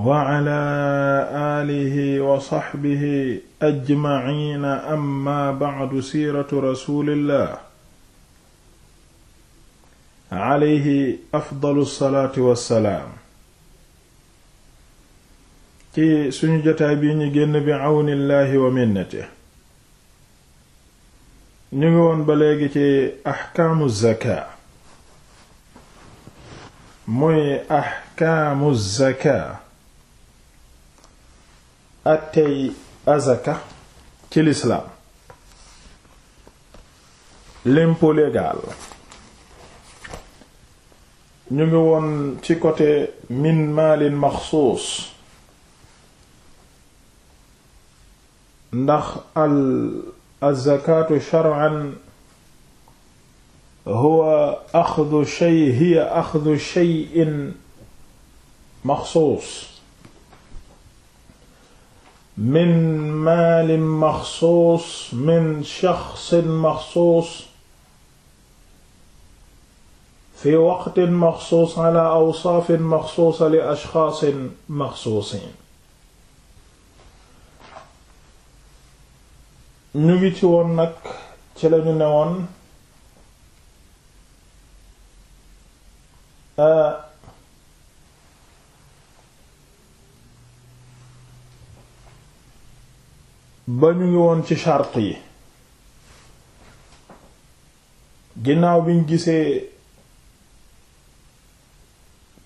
wa cala aalihi wa saxbihi ajmaciina amma bacdu siiratu rasulillah alayhi afdalu salaatu wassalaam ci suñu jotaay bi ñu génn bi cawnillahi wa minnatihi ñu ngi woon ba léegi ci axkaamu zaka muy axkaamu zaka attey azaka ci l'islam l'impôt légal ñu ngi woon ci côté min maalin maxsuus ndax al azakaatu shar'an huwa axdu shay hiya axdu shay'in maxsuus min maalin maxsuus min shaxsin maxsuus fi waqtin maxsuus ala awsaafin maxsuusa li ashxaasin maxsuusin ñu ngi ci woon nag ci lañu newoon a ba ñu ngi woon ci charte yi ginnaaw biñ gisee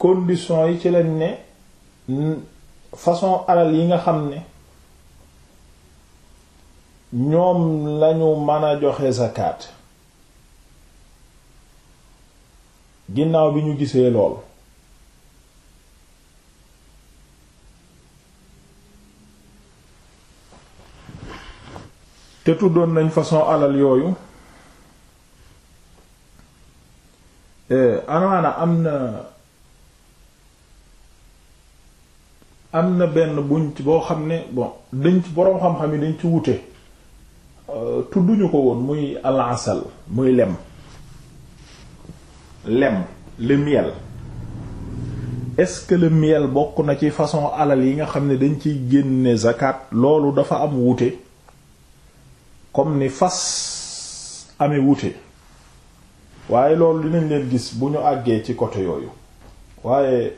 conditions yi ci lañ ne façon alal yi nga xam ne ñoom lañu mën a joxe sa zakat ginnaaw bi ñu gisee lool te tuddoon nañ façon alal yooyu eh, amaana am na am na benn buñ boo xam ne bon dañ ci boroom xam-xam yi dañ ci wute euh, tudduñu ko woon muy alansal muy lem lem le miel est-ce que le miel bokk na ci façon alal yi nga xam ne dañ ciy génne zakat loolu dafa am wute comme ni fas amee wuute waaye loolu dinañ leen gis bu ñu àggee ci côté yooyu waaye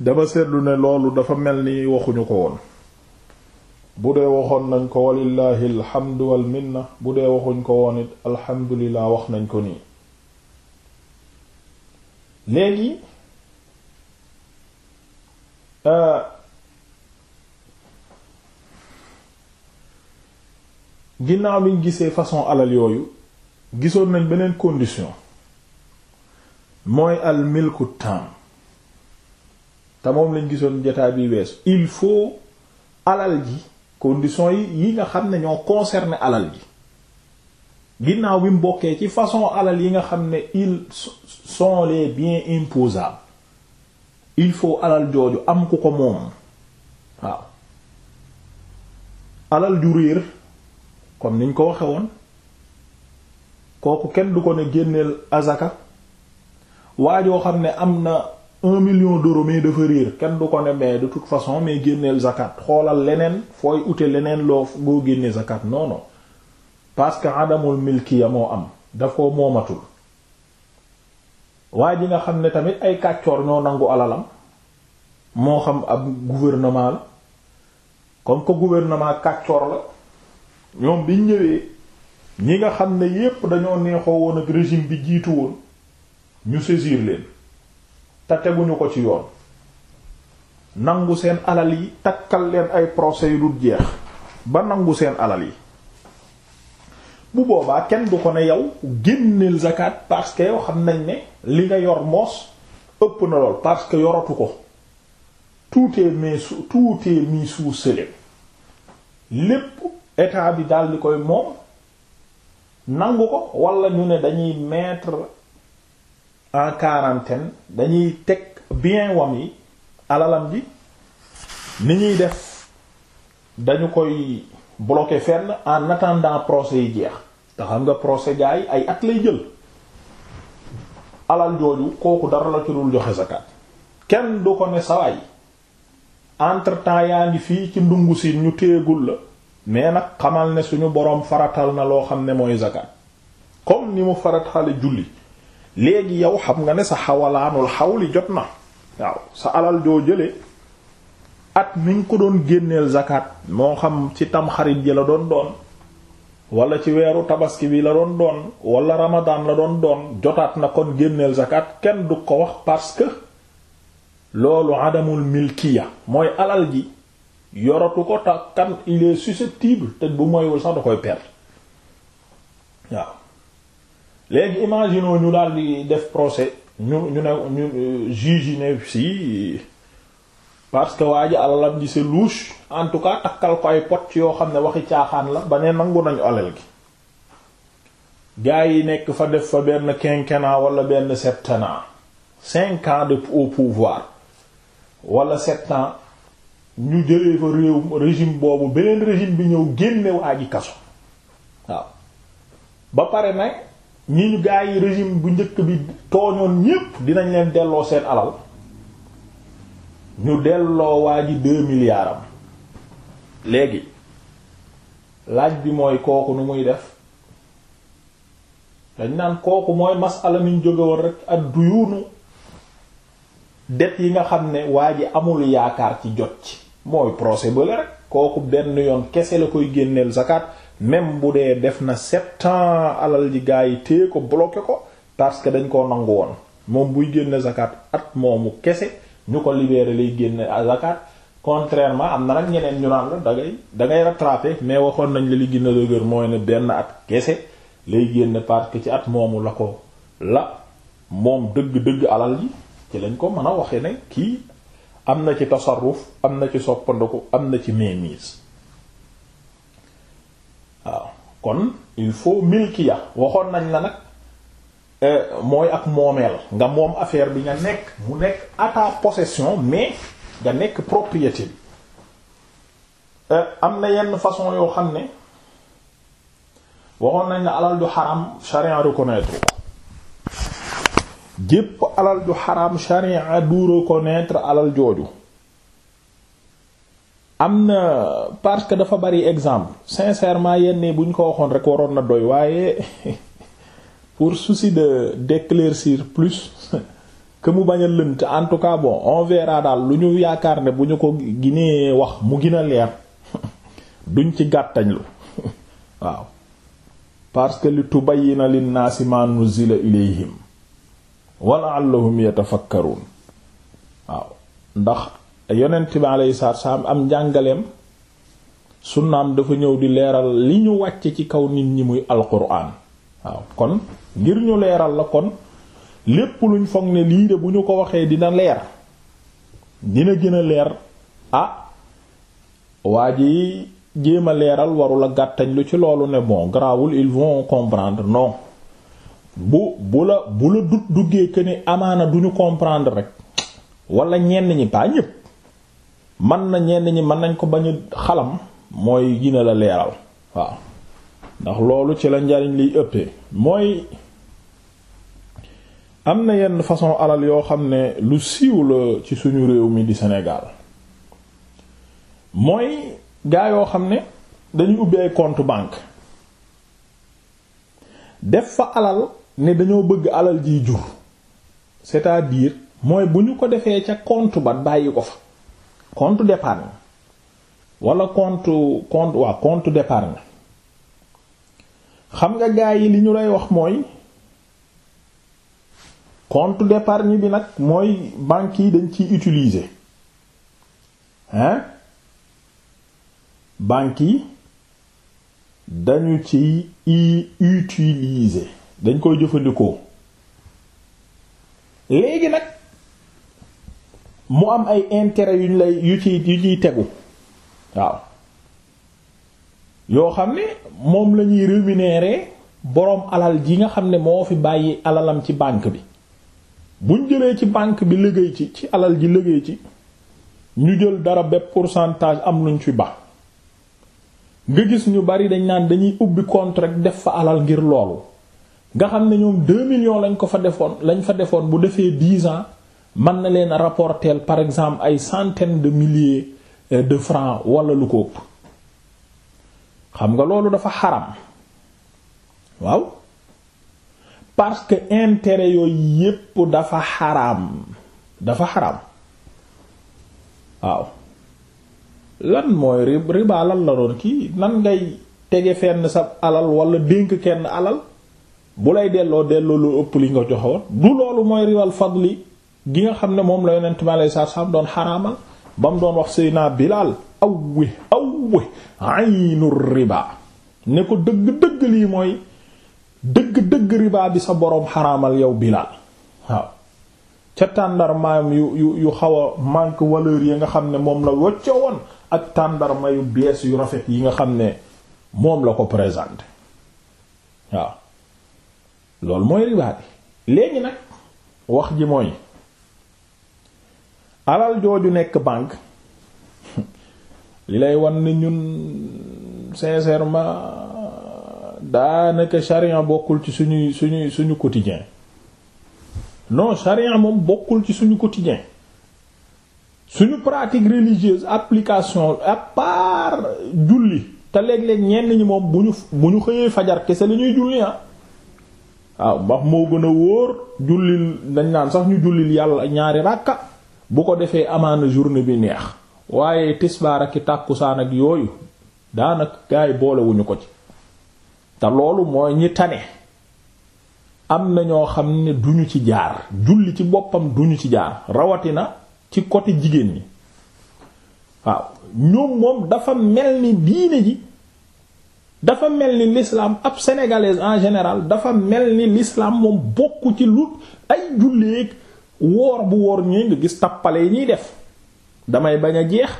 dama seetlu ne loolu dafa mel ni waxuñu ko woon bu dee waxoon nañ ko walillahi alhamdu wal minna bu dee waxuñ ko woon it alhamdulilah wax nañ ko nii léegi. Euh, ginnaaw bi ñu gisee façon alal yooyu gisoon nañ beneen condition mooy al milku tam te moom lañ gisoon jotaay bi wees il faut alal ji condition yi yi nga xam ne ñoo concerné alal ji ginnaaw bi mu bokkee ci façon alal yi nga xam ne ils sont les biens imposables il faut alal jooju am ku ko moom waaw alal ju réer kon niñ ko waxe woon kooku kenn du ko ne génneel azaka joo xam ne am na un million d'euros mais dafa réer kenn du ko ne mais de toute façon mais génneel zakat xoolal leneen fooy ute leneen loo boo génnee zakat non non parce que adamul moo am daf ko moomatul waa ji nga xam ne tamit ay kàccoor ñoo nangu alalam moo xam ab gouvernement la comme que gouvernement kàccoor la ñoom biñ ñëwee ñi nga xam ne yépp dañoo neexoo woon ak régime bi jiitu woon ñu saisir leen te teguñu ko ci yoon nangu seen alal yi takkal leen ay procès yu dul jeex ba nangu seen alal yi bu boobaa kenn du ko ne yow génneel zakat parce que xam nañ ne li nga yor moos ëpp na lool parce que yoratu ko tout est mis tout est lépp état bi daal di koy moom nangu ko wala ñu ne dañuy mettre en quarantaine dañuy teg bien wam yi alalam ji ni ñuy def dañu koy bloquer fenn en attendant procès yi jeex te xam nga procès gaa yi ay at lay jël alal jooju kooku dara la ci dul joxe zakat kenn du ko ne sawaay entre temps yaa ngi fii ci ndungu si ñu téegul la mais nag xamal ne suñu boroom faratal na loo xam ne mooy zakat comme ni mu faratale julli léegi yow xam nga ne sa xawalaanul xawli jot na waaw sa alal joo jëlee at mi nga ko doon génneel zakat moo xam ci tamxarit ji la doon doon wala ci weeru tabaski bi la doon doon walla ramadan la doon doon jotaat na kon génneel zakat kenn du ko wax parce que loolu adamul milkiya mooy alal ji yoratu ko ta kan il est susceptible te bu moywul sax da koy perdre waaw léegi imaginons ñu daal di def procès ñu ñu ne ñu euh, juge yi si parce que waaj ji alalam ji c'est louche cas takkal ko ay pot yoo xam ne waxi caaxaan la ba ne nangu nañu alal gi gaa yi nekk fa def fa benn quinquennat wala benn septennat cinq ans de au pouvoir wala sept ñu jëlee fa réew régime boobu beneen régime bi ñëw génne waa ji kaso waaw ba pare nag ñi ñu gaa yi régime bu njëkk bi tooñoon ñépp dinañ leen delloo seen alal ñu delloo waa ji deux milliards léegi laaj bi mooy kooku nu muy def dañ naan kooku mooy masala mi ñu jóge woon rek ak duyuunu det yi nga xam ne waa ji amul yaakaar ci jot ci mooy procès bale rek kooku benn yoon kese la koy génneel zakat même bu dee def na sept ans alal ji gaa yi téye ko bloqué ko parce que dañ koo nangu woon moom buy génne zakat at moomu kese ñu ko libéré lay génne zakat contrairement am na nag ñeneen ñu naan la da ngay da ngay mais waxoon nañ la li gën a dëgër mooy ne benn at kese lay génne parce que ci at moomu la ko la moom dëgg-dëgg alal ji ci lañ ko mën a waxee ne kii am na ci tasarruf am na ci soppandiku am na ci mainmise waaw kon il faut milkiya waxoon nañ la nag eh, mooy ak moomeel nga moom affaire bi nga nekk mu nekk à possession mais nga nekk propriété bi eh, am na yenn façon yoo xam ne waxoon nañ la alal du xaram charia reconnaître ko gépp alal ju xaraam sharia du reconnaître alal jooju am na parce que dafa bari exemple sincèrement yenn bu ñu ko waxoon rek waroon na doy waaye pour souci de d'éclaircir plus que mu bañ lënt en tout cas bon on verra daal lu ñu yaakaar ne bu ñu ko ginee wax mu gën a leer duñ ci gàttañlu waaw parce que li tubayyina linnaasi ma nuzila ilayhim wala allahum yatafakkarun waaw ndax yonent bi alayhi salaam am njàngaleem sunnaam dafa ñëw di leeral li ñu wàcce ci kaw nit ñi muy alquran waaw kon ngir ñu leeral la kon lépp luñ foog ne lii de bu ñu ko waxee dina leer dina gën a leer a ah, waa ji jéem a leeral warula gàttañ lu ci loolu ne bon garaawul ils vont comprendre no bu bu la bu la dut duggee que ni amaana du comprendre rek walla ñenn ñi pas ñépp man na ñenn ñi mën nañ ko bañ a xalam mooy gina la leeral waaw ndax loolu ci la njariñ liy ëppee mooy am na yenn façon alal yoo xam ne lu siiw la ci suñu réew mi di senegaal mooy gaa yoo xam ne dañuy ubbi ay compte banque def fa alal ne dañoo bëgg alal jiy jur c'est-à-dire mooy bu ñu ko defee ca compte ba bàyyi ko fa compte d'épargne wala compte compte waa compte d'épargne xam nga gaa yi li ñu lay wax mooy compte d'épargne bi nag mooy banques yi dañ ciy utiliser hein banques yi dañu ciy utiliser dañ koy jëfandikoo léegi nag mu am ay intérêt yuñ lay yu ci yu ciy tegu waaw yoo xam ne moom la ñuy rémunérer boroom alal ji nga xam ne moo fi bàyyi alalam ci bànk bi buñ jëlee ci bànk bi liggéey ci ci alal ji liggéey ci ñu jël dara bépp pourcentage am luñ fi ba nga gis ñu bari dañ naan dañuy ubbi contre def fa alal ngir loolu nga xam ne ñoom 2 millions lañ ko fa defoon lañ fa defoon bu defee 10 ans mën na leen rapporter par exemple ay centaines de milliers euh, de francs wala lu ko ëpp xam nga loolu dafa xaram waaw parce que intérêt yooyu yépp dafa xaram dafa xaram waaw lan mooy ribaa lan la doon kii nan ngay tege fenn sa alal wala dénk kenn alal bu lay delloo delloo lu ëpp li nga joxoon du loolu mooy riwal fadli gi nga xam ne moom la yonent mi alayhi salaatu salaam doon xaraamal ba doon wax Seydina Bilaal awwe awwe aynu riba ne ko dëgg-dëgg mooy dëgg-dëgg riba sa boroom xaraamal yow Bilaal waaw ca tàndarmaam xaw a manque valeur yi nga xam ne moom la wocce woon ak tàndarma yu bees yu rafet yi nga xam ne moom la ko présenté waaw loolu mooy riba bi léegi nag wax ji mooy alal jooju nekk banque li lay wan ni ñun daa daanaka charia bokkul ci suñuy suñuy suñu quotidien non charia moom bokkul ci suñu quotidien suñu pratique religieuse application à part julli te léeg-léeg ñenn ñi moom bu ñu bu ñu xëyee fajar kese la ñuy ah. waaw mbax moo gën a wóor jullil dañ naan sax ñu jullil yàlla ñaari ràkka bu ko defee amaana journée bi neex waaye tisbaar ak tàkkusaan ak yooyu daanak gaay boolewuñu ko ci te loolu mooy ñi tane am na ñoo xam ne duñu ci jaar julli ci boppam duñu ci jaar rawatina ci côté jigéen ñi waaw ñoom moom dafa mel ni diine ji dafa mel ni lislaam ab sénégalaise en général dafa mel ni lislaam moom bokk ci lu ay julleeg woor bu woor ñi nga gis tappale yi ñuy def damay bañ a jeex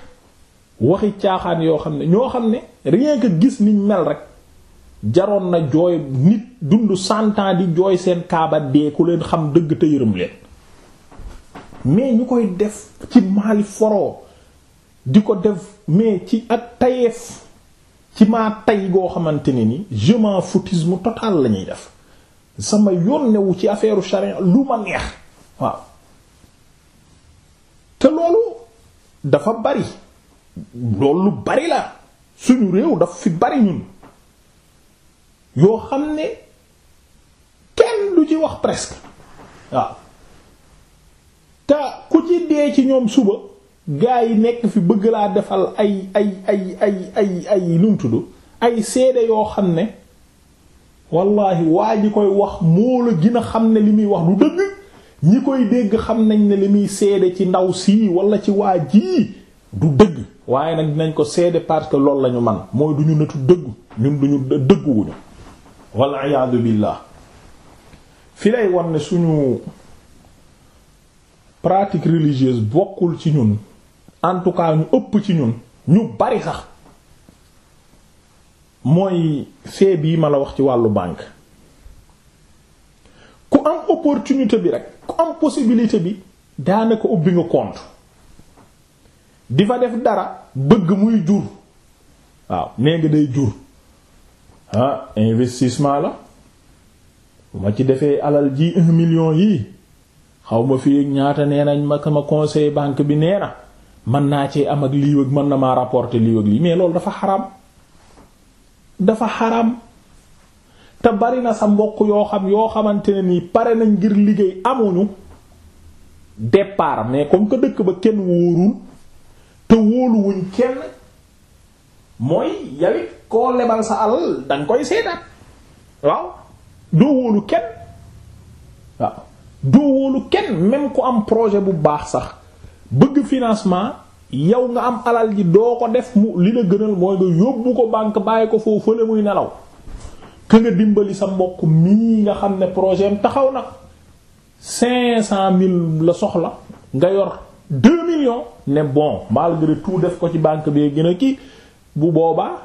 waxi caaxaan yoo xam ne ñoo xam ne rien gis niñ mel rek jaroon na jooy nit dund cent di jooy seen kaaba dee ku leen xam dëgg te leen mais ñu koy def ci maali foro di ko def mais ci ak tayeef ci maa tay goo xamante ne ni je m'en foutisme total lañuy def sama yoon yónnewu ci affaire charia lu ma neex waaw te loolu dafa bari loolu bari la suñu réew daf fi bari ñun yoo xam ne kenn du ci wax presque waaw te ku ci dee ci ñoom suba gaa yi nekk fi bëgg laa defal ay ay ay ay ay ay lu ay seede yoo xam ne wallahi waa ji koy wax moo la gën xam ne li muy wax du dëgg ñi koy dégg xam nañ ne li muy seede ci ndaw sii wala ci waa jii du dëgg waaye nag nañ ko seede parce que loolu la man mooy du ñu netu dëggu ñun duñu dëgguwuñu wal iyaadu billah fi lay war ne suñu pratique religieuse bokkul ci ñun en tout ëpp ci ñun ñu bari sax mooy fee bii ma la wax ci wàllu bank ku am opportunité bi rek ku am possibilité bi daanaka ubbi nga compte di fa def dara bëgg muy jur waaw nee nga day jur ah investisement la ma ci defee alal ji un million yii xaw ma fii ñaata nee nañ ma sama conseil banque bi nee na man naa cee am ak lii ak mën na maa rapporter lii ak lii mais loolu dafa xaram dafa xaram te bari na sa mbokk yoo xam yoo xamante ne nii pare nañ ngir liggéey amuñu départ mais comme que dëkk ba kenn wóorul te wóoluwuñ kenn mooy yawit koo lebal sa alal danga koy seetaat waaw doo wóolu kenn waaw doo wóolu kenn même ku am projet bu baax sax bëgg financement yow nga am alal ji doo ko def mu li la gënal mooy nga yóbbu ko banque bàyyi ko foofu fële muy nelaw que nga dimbali sa mbokk mii nga xam ne projet taxaw nag cinq cent mille la soxla nga yor deux million ne bon malgré tout def ko ci banque bi gën a kii bu boobaa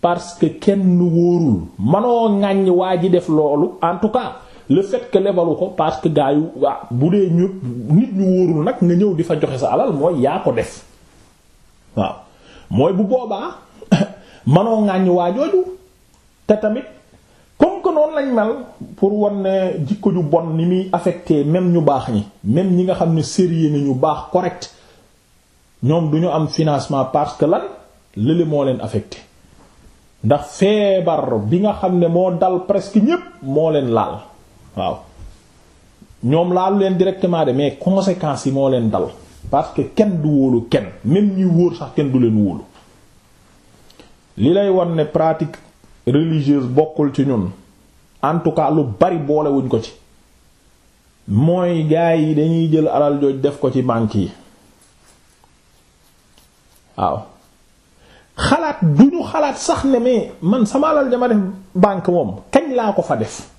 parce que kenn wóorul manoo ŋàññ waa ji def loolu en tout cas le fait que lebalu ko parce que gaa yu waa bu dee ñu nit ñu wóorul nag nga ñëw di fa joxe sa alal mooy yaa ko def waaw mooy bu boobaa manoo ŋàññ waa jooju te tamit comme que noonu lañ mel pour wan ne jikko ju bon ni muy affecté même ñu baax ñi même ñi nga xam ne sérieux ni ñu baax correct ñoom du ñu am financement parce que lan lële moo leen affecté ndax feebar bi nga xam ne moo dal presque ñépp moo leen laal waaw ñoom laalu leen directement de mais conséquences yi moo leen dal parce que kenn du wóolu kenn même ñuy wóor sax kenn du leen wóolu li lay won ne pratique religieuse bokkul ci ñun en tout cas lu bari boolewuñ ko ci mooy gaay yi dañuy jël alal jooj def ko ci banque yi waaw xalaat du ñu xalaat sax ne mais man sama alal dama def banque moom kañ laa ko fa def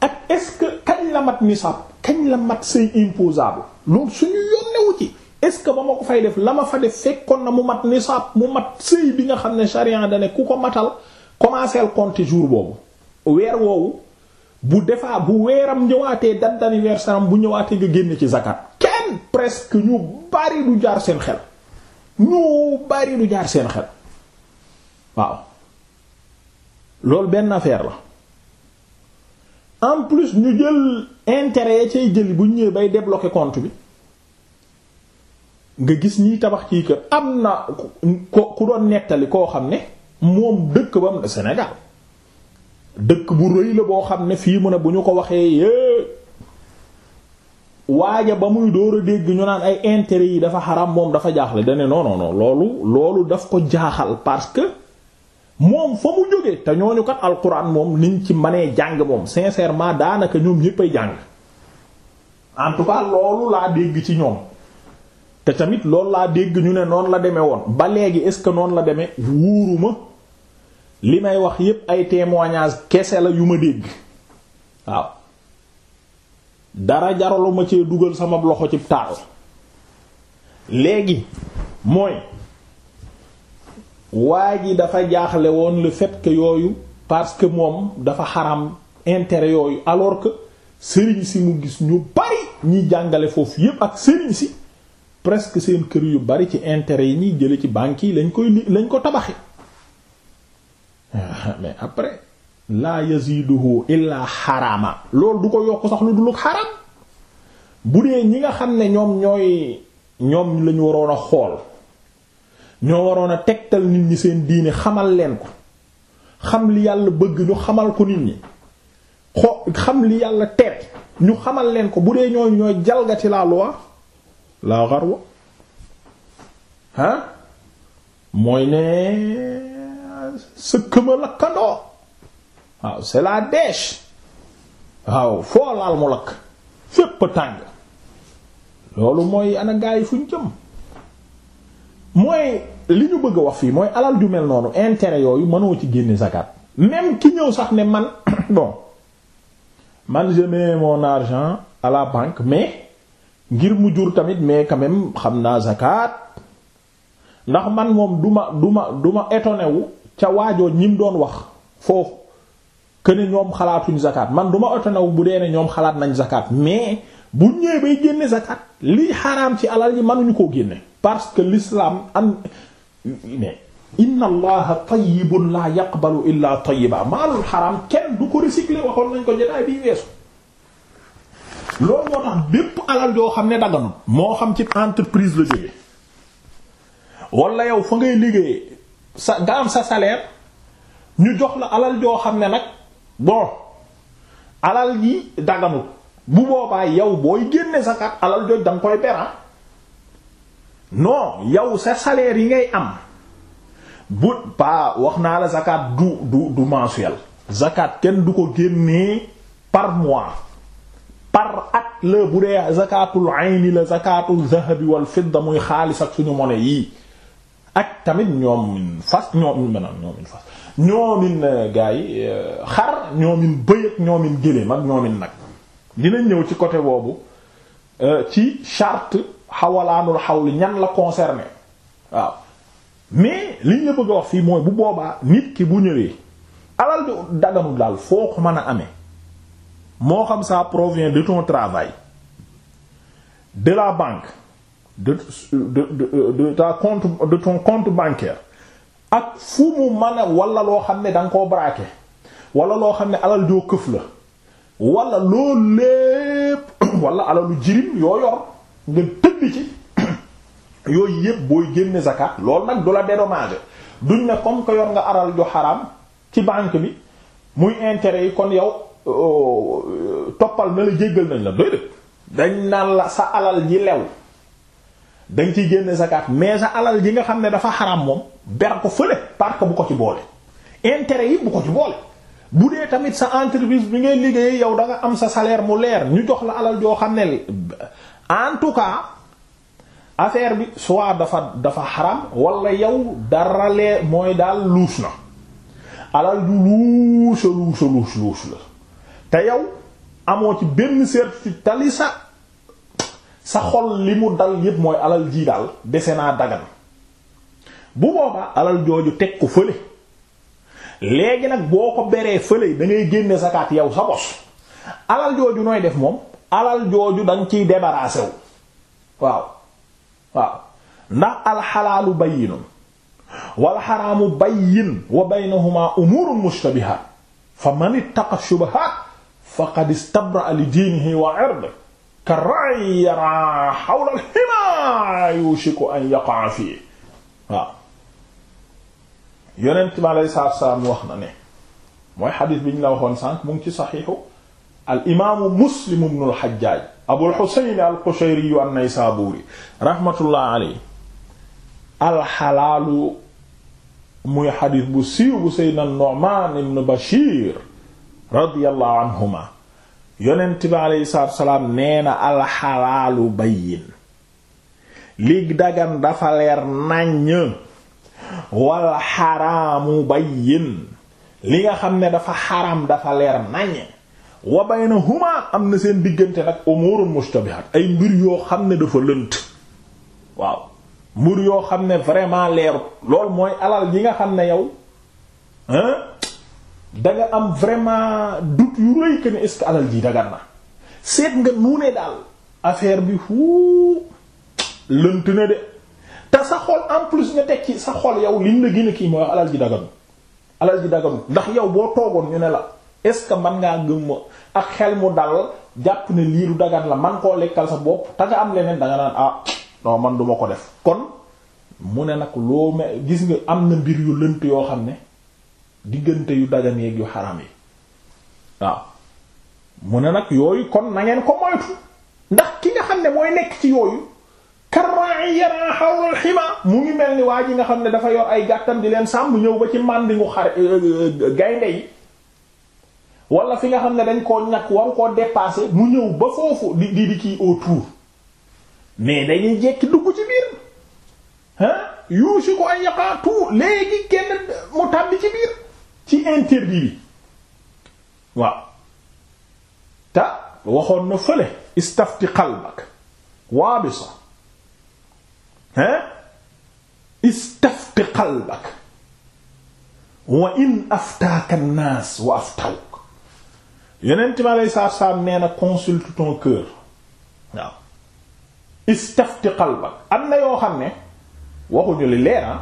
ak est-ce que kañ la mat nisab kañ la mat say imposable loolu suñu yónnewu ci est-ce que ba ma ko fay def la ma fa def fekkoon na mu mat nisab mu mat sëy bi nga xam ne charian dane ku ko matal commencer compter jour boobu weer woowu bu defaa bu weeram ñëwaatee date d'anniversaire am bu ñëwaatee nga génn ci zakat kenn presque ñu bari du jaar seen xel ñu bari du jaar seen xel waaw loolu benn affaire la en plus ñu jël intérêt ya cay jëli bu ñëw bay débloquer compte bi nga gis ñiy tabax ci kër am na ko ku doon nettali koo xam ne moom dëkk ba mu Sénégal dëkk bu rëy la boo xam ne fii mu ne bu ñu ko waxee yée waaja ba muy dóor a dégg ñu naan ay intérêt yi dafa xaram moom dafa jaaxle dane non non loolu loolu daf ko jaaxal parce que moom fa mu jógee te ñooñu kat alquran moom niñ ci mënee jàng moom sincèrement daanaka ñoom ay jàng en loolu laa dégg ci ñoom te tamit loolu laa dégg ñu ne noonu la demee woon ba léegi est ce que noonu la demee wuuruma li may wax yépp ay témoignages kese la yu ma dégg waaw dara jaraluma ma cee dugal sama loxo ci taal léegi mooy. waa ji dafa jaaxle woon le fait que yooyu parce que moom dafa xaram intérêt yooyu alors que sëriñ si mu gis ñu bari ñiy jàngale foofu yëpp ak sëriñ si presque seen kër yu bari ci intérêt yi ñuy jële ci banque yi lañ koy lañ ko tabaxi ah, mais après laa yaziduhu illaa xaraama loolu du ko yokk sax lu dul xaram bu dee ñi nga xam ne ñoom ñooy ñoom lañu waroon a xool ñoo waroon a tegtal nit ñi seen diine xamal leen ko xam li yàlla bëgg ñu xamal ko nit ñi xo xam li yàlla tere ñu xamal leen ko bu dee ñooy ñooy jalgati la loi la gharwa ah mooy ne sëkkëma lakkandoo waaw c'est la dèche waaw foo laal mu lakk fépp tàng loolu mooy ana fu fuñ mooy li ñu bëgg a wax fii mooy alal ju mel noonu intérêt yooyu mënoo ci génne zakat même ki ñëw sax ne man bon man je mets argent à la banque mais ngir mu jur tamit mais quand xam naa zakat ndax man moom du ma du ma du étonné wu ca waajoo ñi doon wax foofu que ne ñoom xalaatuñ zakat man du ma étonné wu bu dee ne ñoom xalaat nañ zakat mais bu ñëwee bay génne zakat li xaraam ci alal yi mënuñu koo génne. parce que lislaam an mais inna allaha tayyibun la yaqbalu illa tayyiba maalul xaram kenn du ko recycler waxoon nañ ko jotaay bi weesu loolu moo tax bépp alal yoo xam ne daganul moo xam ci entreprise la jóge wala yow fa ngay liggéeyee sa nga am sa salaire ñu jox la alal joo xam ne nag bon alal yi daganul bu boobaa yow booy génne zakat alal jooju da koy beran ah. non yow sa salaire yi ngay am bu pa wax naa la zakat du du du mensuel zakat kenn du ko génnee par mois par at la bu dee zakatul ayni la zakatul zahabi wal fidda muy xaalis ak suñu monnaie yi ak tamit ñoomin fas ñoomin maanaam eh, yi eh, xar ñoomin bëy ak ñoomin géléem ak ñoomin nag dinañ ñëw ci côté boobu eh, ci charte xawalaanul xawli ñan la concerné waaw mais liñ la bëgg a wax fii mooy bu boobaa nit ki bu ñëwee alal ju daal foo ko mën a ame moo xam ça provient de ton travail de la banque de de de de ta compte de ton compte bancaire ak fu mu mën a loo xam ne da koo braqué wala loo xam ne alal joo këf la wala loo lépp wala alalu jirim yoo yor. nga tëdd ci yooyu yëpp booy génne zakat loolu nag du la dédommager duñ ne comme que yoon nga aral ju xaraam ci banque bi muy intérêt yi kon yow euh, toppal na la jéggal nañ la doy dëkk dañ naan la sa alal ji lew dañ ciy génne zakat mais sa alal ji nga xam ne dafa xaram moom ber ko fële parce bu ko ci boole intérêt yi bu ko ci boole bu dee tamit sa entreprise bi ngay liggéeyee yow da am sa salaire mu leer ñu jox la alal joo xam ne en tout cas affaire bi soit dafa dafa xaram walla yow dara lee mooy daal luus na alal du luusa luusa luus luus la te yow amoo ci benn certitude tali sa sa xol li mu dal yépp mooy alal ji daal dese naa dagan bu boobaa alal jooju teg ko fële léegi nag boo ko beree fële da ngay génne zakaat yow sa bos alal jooju nooy def moom alal jooju danga ciy débarrassé wu waaw waaw ndax alxalaalu bayyinun wal xaraamu bayyin wa baynahuma umuurun mushtabihaat fa man ittaqa shubahaat faqad istabra'a li diinihi wa irdihi ka ra'yi yaraa hawla al-himaa yushiku an yaqa'a fiihi waaw yonent bi alayhi salaatu wa salaam wax na ne mooy xadiis bi ñu la waxoon sànq mu ngi ci saxiixu al imaamu muslim ibn al xajjaaj abul xuseyn al qushayri yu an-naysaburi rahmatullah muy xadiis bu siiw bu seydna nu'man ibn bashir radiyallahu anhuma yonent bi aleyhi salaatu wasalaam nee alxalaalu bayyin li dagan dafa leer nàññ wal xaraamu bayyin li nga xam ne dafa xaram dafa leer nàññ wa baynahuma am na seen diggante nag umurun mushtabihat ay mbir yoo xam ne dafa lënt waaw mbir yoo xam ne vraiment leeru loolu mooy alal yi nga xam ne yow hein da nga am vraiment doute yu rëy que ne est-ce alal ji dagan seet nga nu ne daal affaire bi fu lënt ne de te sa xol en plus nga teg ci sa xol yow liñ la gin a kii mooy alal ji daganu alal ji daganu ndax yow boo toogoon ñu ne la. est-ce que mën ngaa gëm ma ak xel mu dal jàpp ne lii lu dagan la man koo lekkal sa bopp te nga am leneen danga nga naan ah non man duma ko def kon mu ne nag loo ma gis nga am na mbir yu lënt yoo xam ne diggante yu dagan yeeg yu xaram yi waaw mu ne nag yooyu kon nangeen ngeen ko moytu ndax ki nga xam ne mooy nekk ci yooyu karra'i yara hawlul hima mu ngi mel ni waa ji nga xam ne dafa yor ay gàttam di leen sàmm ñëw ba ci màndi ngu xar euh, euh, gaynde yi wala fi nga xam ne dañ koo ñàkk waru koo dépasser mu ñëw ba foofu di di di kii autour mais dañuy jekki dugg ci biir ah yuusi ko ay yaqaatu léegi kenn mu tàbbi ci biir ci interdit bi waaw te waxoon na fële istafti qalbak waabisa ah istafti qalbak wa in aftaaka an-naas wa aftaw yeneen mi aleyhi salaatu salaam nee na consulte ton cœur waaw istafti qalbak am na yoo xam ne waxuñu li leera ah.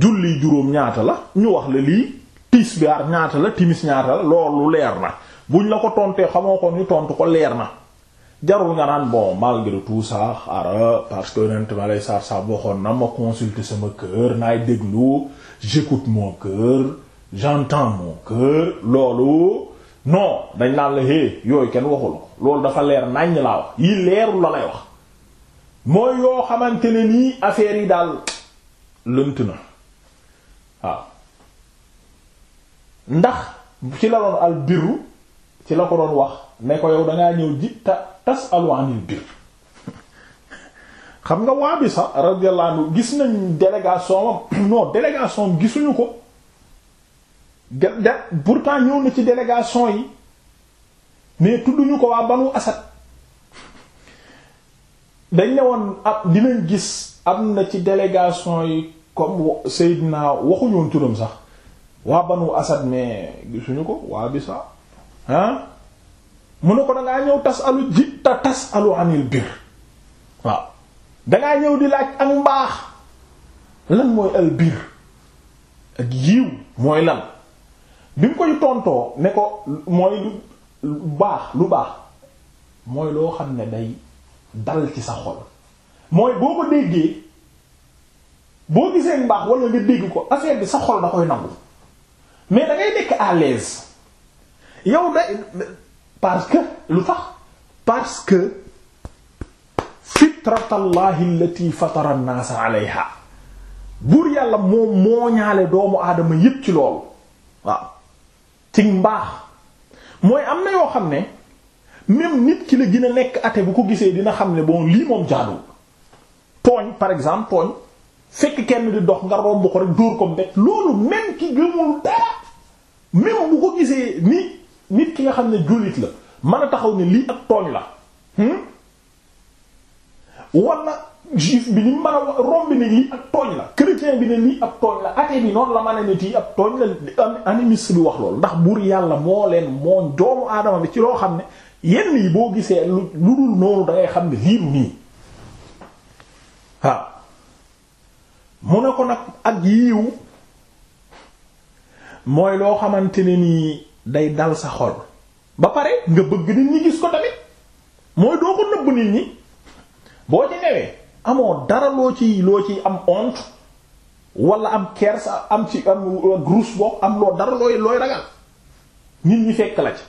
julli juróom ñaata la ñu wax la lii tisbaar ñaata la timis ñaata la loolu leer na buñ la ko tontee xamoo ko ñu tontu ko leer na jarul nga naan bon malgré tout ça xaaral parce que yonent mi aleyhi salaatu salaam waxoon na ma consulter sama cœur naay déglu j'écoute mon cœur j'entends mon cœur loolu no dañ naan la hé yooyu kenn waxul ko loolu dafa leer naññ laa wax yii leerul la lay wax mooy yoo xamante ne nii affaire yi daal lënt na waaw ndax ci la doon al ci la ko doon wax ne ko yow dangaa ñëw ji ta tas alu anil bir xam nga waa bi sax radiyallahu gis nañ délégation non délégation gisuñu ko da pourtant ñëw na ci délégation yi mais tudduñu ko waa Banu Asad dañ ne woon ab dinañ gis am na ci délégation yi comme Seydina waxuñu woon turam sax waa ban wu Asad mais gisuñu ko waa Bisa ah mu ne ko da ngaa ñëw tas alu ji tas alu anil bir waaw dangaa ñëw di laaj ak mbaax lan mooy al bir ak yiw mooy lan bi mu koy tontoo ne ko mooy lu baax lu baax mooy loo xam ne day dal ci sa xol mooy boo ko déggee boo gisee mbaax wala nga dégg ko affaire bi sa xol da koy nangu mais da nekk à yow day parce que lu tax parce que fitratallahi allati fatara an-naasa buur yàlla moo ñaale doomu aadama yépp ci loolu ci mbaax mooy am na yoo xam ne même nit ki la gën a nekk ate bu ko gisee dina xam ne boo lii moom jaaduwul tooñ par exemple tooñ fekk kenn di dox nga romb ko rek dóor ko mbett loolu même ki gëmul dara même bu ko gisee ni nit ki nga xam ne jullit la mën a taxaw ne lii ak tooñ la hmm? walla juif bi ni mën a romb ne lii ak tooñ la chrétien bi ne lii ab tooñ la athée bi noonu la mën a nit yi ab tooñ la animiste bi wax loolu ndax buur yàlla moo leen moo doomu aadama bi ci loo xam ne yenn yi boo gisee lu dul noonu dangay xam ne lii du nii waaw mu ne ko nag ak yiiw mooy loo xamante ne nii day dal sa ba pare nga bëgg nit gis ko tamit mooy doo ko nëbb nit ñi boo ci newee amoo dara loo ci loo ci am honte wala am kers am ci am ruus bokk am loo dara looy looy ragal nit ñi fekk la ci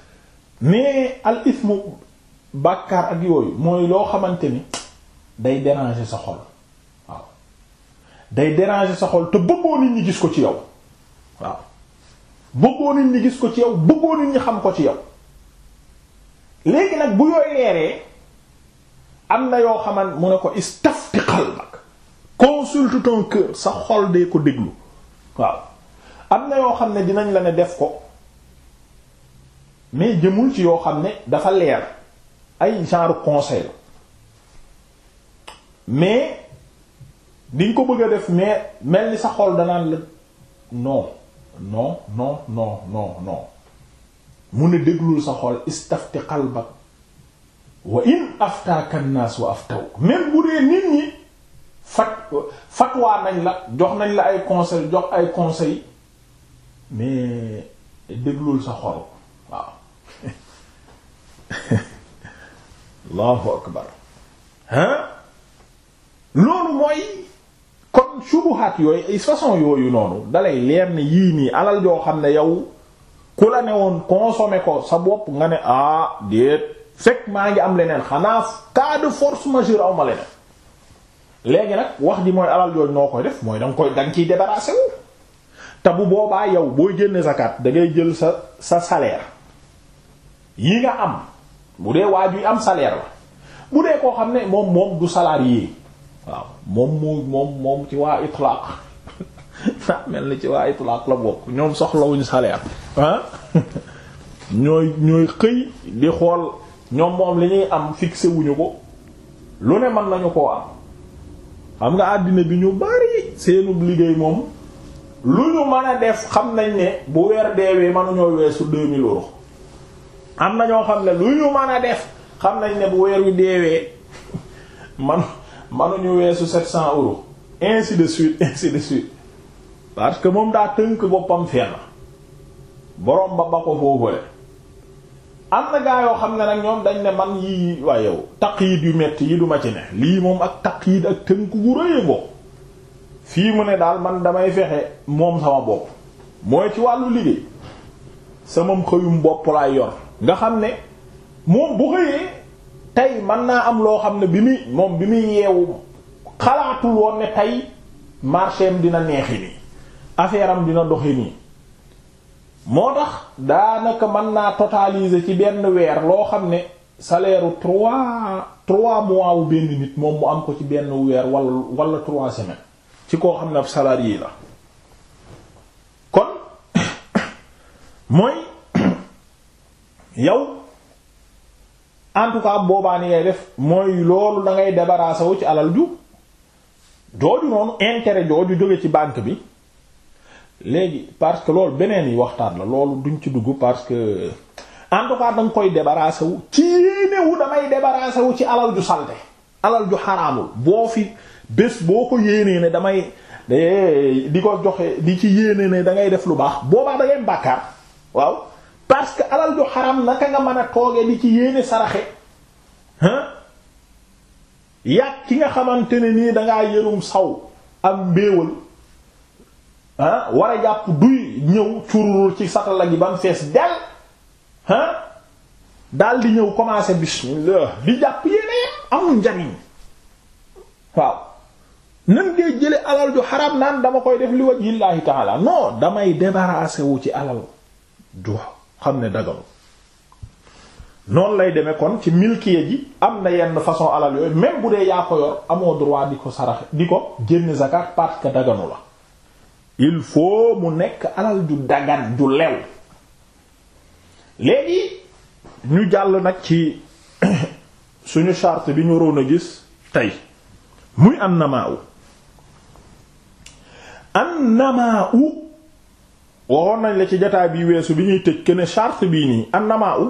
mais al ismu bàkkaar ak yooyu mooy loo xamante ni day déranger sa xol waaw day déranger sa xol te bëggoo nit ñi gis ko ci yow waaw bëggoo nit ñi gis ko ci yow bëggoo nit ñi xam ko ci yow léegi nag bu yooy leeree am na yoo xaman mu ne ko istafti qalbak consulte ton cœur sa xol dee ko déglu waaw am na yoo xam ne dinañ la ne def ko mais jëmul ci yoo xam ne dafa leer ay genre conseil mais di nga ko bëgg def mais mel ni sa xol danaan la non non non non non non mu ne déglul sa xol istafti qalbak wa in aftaaka nnaas wa aftawk même bu dee nit ñi fat fatwaa nañ la jox nañ la ay conseil jox ay conseil mais déglul sa xol waaw loolu mooy kon subuhaat yooyu ay façon yooyu noonu dalay leer ne yii nii alal joo xam ne yow ku la ne woon consommer ko sa bopp nga ne ah déet fekk maa ngi am leneen xanaa cas de force majeure aw ma leneen léegi nag wax ji mooy alal yooyu noo koy def mooy da nga koy da nga ciy wu te boobaa yow booy génne zakat dangay jël sa sa salaire yi nga am bu dee waa am salaire la bu dee koo xam ne moom moom du salarié waaw moom moom moom ci waa itlaq mel ni ci waa itlaq la bokk ñoom soxlawuñu salaire ah ñooy ñooy xëy di xool ñoom moom li ñuy am fixé wuñu ko lu ne mën nañu koo am xam nga àddina bi ñu bari seenub liggéey moom lu ñu mën a def xam nañ ne bu weer deewee mënuñoo weesu 2000 euros am na ñoo xam ne lu ñu mën a def xam nañ ne weer wi deewee man mënuñu weesu 700 euros ainsi de suite ainsi de suite parce que moom daa tënk boppam fenn borom ba ba ko foofule am na gaa yoo xam ne nag ñoom dañ ne man yii waaye yow taqyid yu metti yi duma ci ne lii moom ak taqyid ak tënku gu rëy bopp fii mu ne daal man damay fexe moom sama bopp mooy ci wàllu liggéey samam xëyum bopp laay yor nga xam ne moom bu xëyee tey mën naa am loo xam ne bi muy moom bi muy yeewu xalaatul woon ne tey marché dina neexi nii affaire dina doxi nii moo tax daanaka man naa totaliser ci benn weer loo xam ne salaire u trois trois mois wu benn nit moom mu am ko ci benn weer wala wala trois semaines ci koo xam ne ab salarié la kon mooy yow en tout cas boobaa ni def mooy loolu da ngay débarrasser wu ci alal ju jooju noonu intérêt jooju jóge ci banque bi léegi parce que loolu beneen yi waxtaan la loolu duñ ci dugg parce que en tout danga koy débarrassé wu ci yéene wu damay débarrassé wu ci alal ju salte alal ju xaraamul boo fi bés boo ko yéenee ne damay di ko joxe di ci yéene ne da ngay def lu baax boobaa da ngay bàkkaar waaw parce que alal ju xaram naka nga mën a toogee di ci yéene saraxe hein yàq ki nga xamante ne nii dangaa yërum saw ak mbéewal ah war a jàpp duy ñëw curul ci satala gi ba mu fees del ah daal di ñëw commencer bismillah di jàpp yéene amul njariñ waaw nan ngay jële alal ju xaraam naan dama koy def li wajhillaahi taala non damay débarrasser wu ci alal xam ne dagalu lay demee kon ci milkiye ji am na yenn façon alal yooyu même bu dee yaa ko yor amoo droit di ko sarax di ko génn zakat parce que daganu la il faut mu nekk alal ju dagan ju lew léegi ñu jàll nag ci suñu charte bi ñu waroon a gis tey muy an namaaw an namaaw waxoon nañ la ci jataay bi weesu bi ñuy tëj kenn charte bii nii an namaaw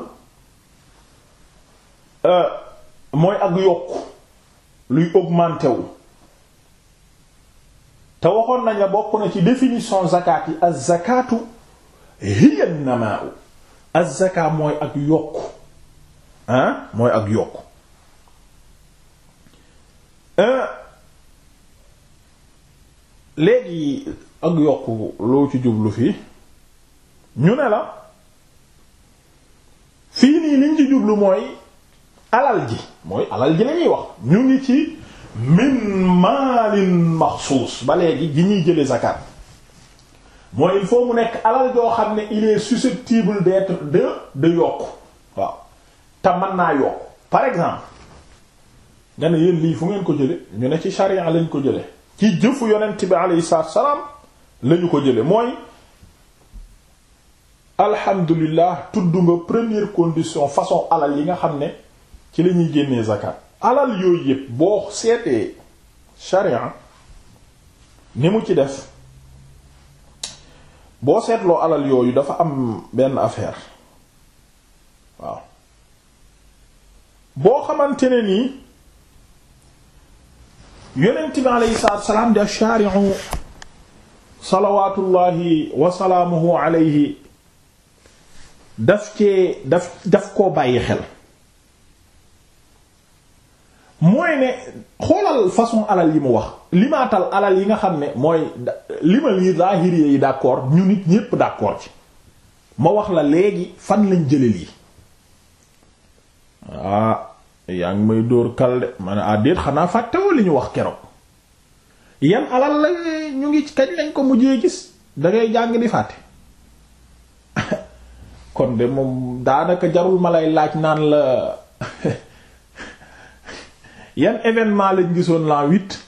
euh, mooy ak yokk luy augmenté te waxoon nañ la bokk na ci définition zakat yi az zakatu hiya an-namaa'u az zakat mooy ak yokk ah mooy ak yokk euh, léegi ak yokk loo ci jublu fii ñu ne la fii nii liñ ci jublu mooy alal ji mooy alal ji lañuy wax ñu ngi ci min maalin maxsuus ba léegi gi ñuy jële zakat mooy il faut mu nekk alal joo xam ne il est susceptible d'être de de yokku waaw te mën naa yokk par exemple nga ne yéen lii fu ngeen ko jële ñu ne ci charia lañ ko jële ci jëfu yonent bi aleyhi salaatu salaam lañu ko jële mooy alhamdulillah tudd nga première condition façon alal yi nga xam ne ci la ñuy génnee zakat alal yooyu yëpp boo seetee sharia ni mu ci def boo seetloo alal yooyu dafa am benn affaire waaw boo xamante ne nii yonent bi aleyhi salaatu wa salaam di ash-shari'u salawaatullahi wa salaamuhu alayhi daf cee daf daf koo bàyyi xel mooy ne xoolal façon alal yi mu wax limaatal alal yi nga xam ne mooy limal yi zahiriya yi d'accord ñu nit ñépp d'accord ci ma wax la léegi fan lañ jële lii ah, yaa ngi may dóor kal de ma ne ah déet xanaa fàttewoo li ñu wax keroog yan alal la ñu ngi kañ lañ ko mujjee gis da ngay jàng di fàtte kon de moom daanaka jarul ma lay laaj naan la yan événement lañ gisoon l'an huit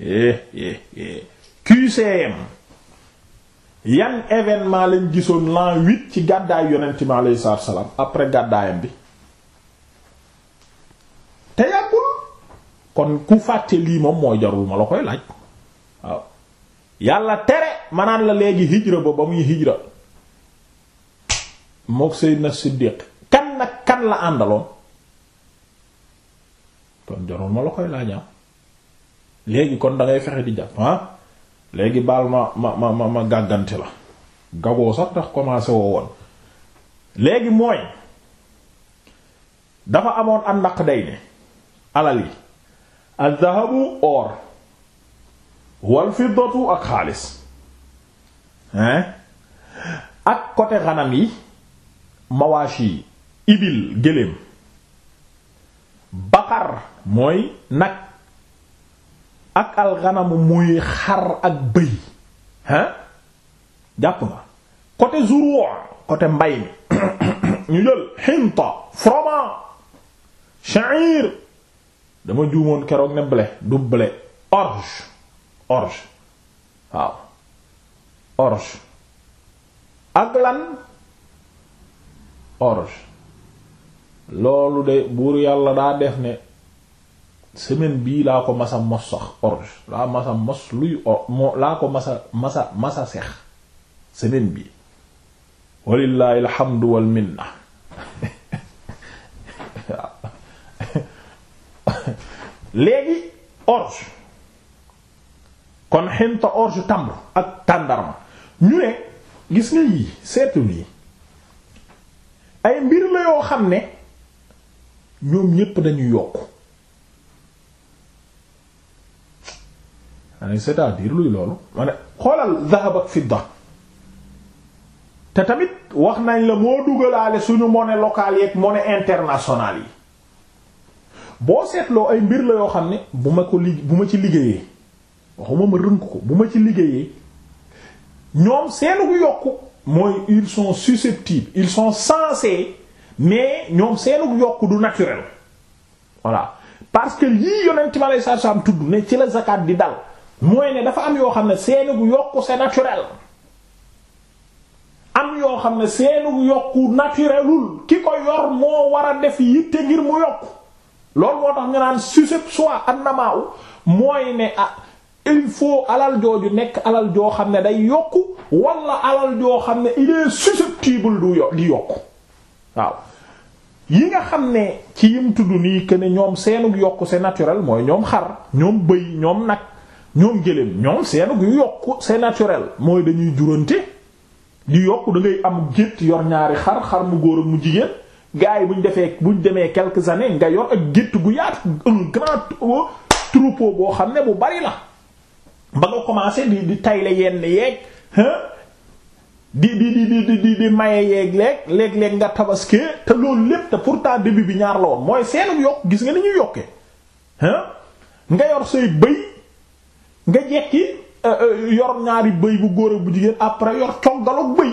eh eh eh yan événement lañ gisoon l'an huit ci gàddaay yonent mi alayhi salaatu après gàddaayam bi te yàggul kon ku fàtte lii moom mooy jarul ma la koy laaj waaw yàlla tere manaan la léegi hijra ba ba muy hijra mook na Siddiq kan nag kan la àndaloon kon jarul ma la koy laajam ah. léegi kon da ngay fexe di jàpp ah léegi baal ma ma ma ma ma gàggante la gagoo sax tax commencé woo woon léegi mooy dafa amoon an naq day ne alal yi al dahabu wal fiddatu ak xaalis hein ak côté xanam yi mawaashi ibil gëléem baqar mooy nag ak alxanamu muy xar ak bëy hein jàpp nga côté zuruu côté mbay mi ñu jël xinta froment sha'ir dama juumoon keroog ne blé du blé orge orge waaw orge ak lan orge loolu de buur yàlla daa def ne semaine bii laa ko masa mos sax orge laa masa mos luy o moo laa ko masa masa masa sex semaine bii walillahi alhamdu wal léegi orge kon xinta orge tamr ak tàndarma ñu ne gis nga yii seetul yi ay mbir la yoo xam ne ñoom ñépp dañu yokk ma ne c'est-à-dire luy loolu ma xoolal zahab ak fidda te tamit wax nañ la moo dugalaale suñu monnaie locale yeeg monnaie international yi boo seetloo ay mbir la yoo xam ne bu ma ko lig bu ma ci liggéeyee waxuma ma rënk ko bu ma ci liggéeyee ñoom seenu yokk mooy ils sont susceptibles ils sont censés mais ñoom seenug yokk du naturel voilà parce que lii yonent ma lay saa saam tudd ne ci la zakat di dal mooy ne dafa am yoo xam ne seenug yokku c'est naturel am yoo xam ne seenug yokku naturelul ki ko yor moo war a def yitte ngir mu yokku loolu moo tax ñu naan susep soit an namaaw mooy ne ah il faut alal jooju nekk alal joo xam ne day yokku wala alal joo xam ne il est susceptible du yo di yokku waaw yi nga xam ne ci yim tudd nii que ne ñoom seenu yokku c'est naturel mooy ñoom xar ñoom bëy ñoom nag ñoom gëléem ñoom seenu yu yokk c'est naturel mooy dañuy jurante di yokku da am gétt yor ñaari xar xar mu góor ak mu jigéen gars yi buñ defee buñ demee quelques années nga yor ak gétt gu yaatu un grand troupeau boo xam ne bu bari la ba nga commencé di di tayle yenn yeeg di di di di di di maye yeeg leeg léeg-léeg nga tabaskee te loolu lépp te pourtant début bi ñaar la woon mooy seenu yokk gis nga ni ñuy yokkee ah nga yor say bëy nga jekki euh, euh, yor ñaari bëy bu góor bu jigéen après yor coggalog bëy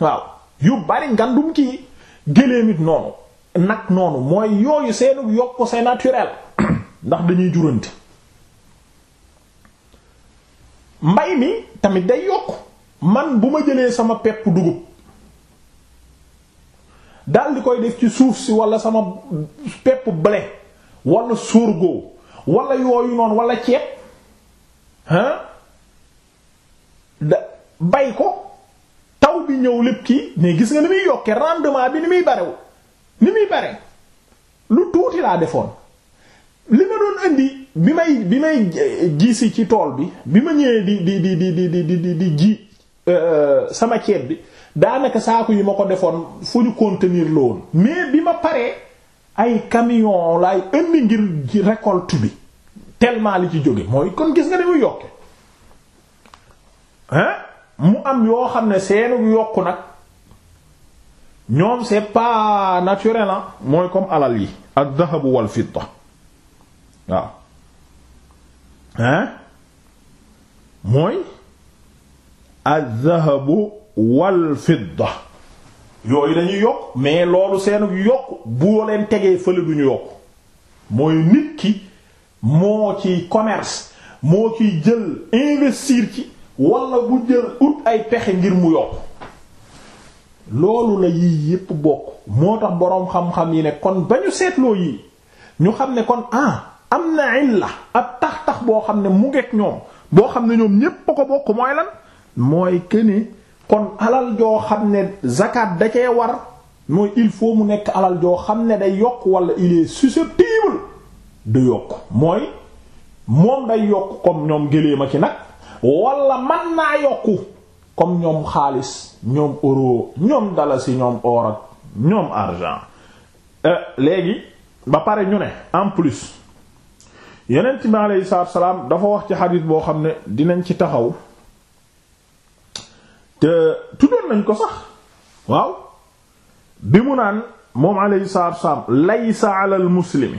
waaw yu bari ngandum kii géléemit noonu nag noonu mooy yooyu seenu yokk c'est naturel ndax dañuy jurante mbay mi tamit day yokk man bu ma jëlee sama pepp dugub daldi koy def ci suuf si wala sama pepp blé wala sorgho wala yooyu noonu wala ceeb ah da bay ko taw bi ñëw lépp ki mais gis nga ni muy yokkee rendement bi ni muy barew ni muy bare lu tuuti laa defoon li ma doon indi bi may bi may gisi ci tool bi bi ma ñëwee di di di di di di di di ji Euh, sama ceeb bi daanaka saaku yi ma ko defoon fu ñu contenir la mais bi ma paree ay camion laay indi ngir récolte bi tellement li ci jóge mooy kon gis nga dañuy yokke hein mu am yoo xam ne seenu yokku nag ñoom c'est pas naturel ah mooy comme alal yi al dahabu wal fitta waaw mooy az-zahabu wal fidda yooyu dañuy yokk mais loolu seen yokk boo leen tegee fële duñu yokk mooy nit ki moo ci commerce moo ciy jël investir ci wala bu jël ut ay pexe ngir mu yokk loolu la yii yépp bokk moo tax boroom xam-xam yi ne kon ba ñu seetloo yii ñu xam ne kon ah am na illa ab tax tax boo xam ne mu ngeek ñoom boo xam ne ñoom ñépp a ko bokk mooy lan mooy këne kon alal joo xam ne zakat da war mooy il faut mu nekk alal joo xam ne day yokk wala il est susceptible yokk mooy moom day yokk comme ñoom gëléem a ci nag walla man naa yokku comme ñoom xaalis ñoom euro ñoom dalasi ñoom or ak ñoom argent euh, léegi ba pare ñu ne en plus yeneen bi aleyhi salaatu salaam dafa wax ci xadiis boo xam ne dinañ ci taxaw te tuddoon nañ ko sax waaw bi mu naan moom alayhi salaatu wa salaam laysa ala al muslimi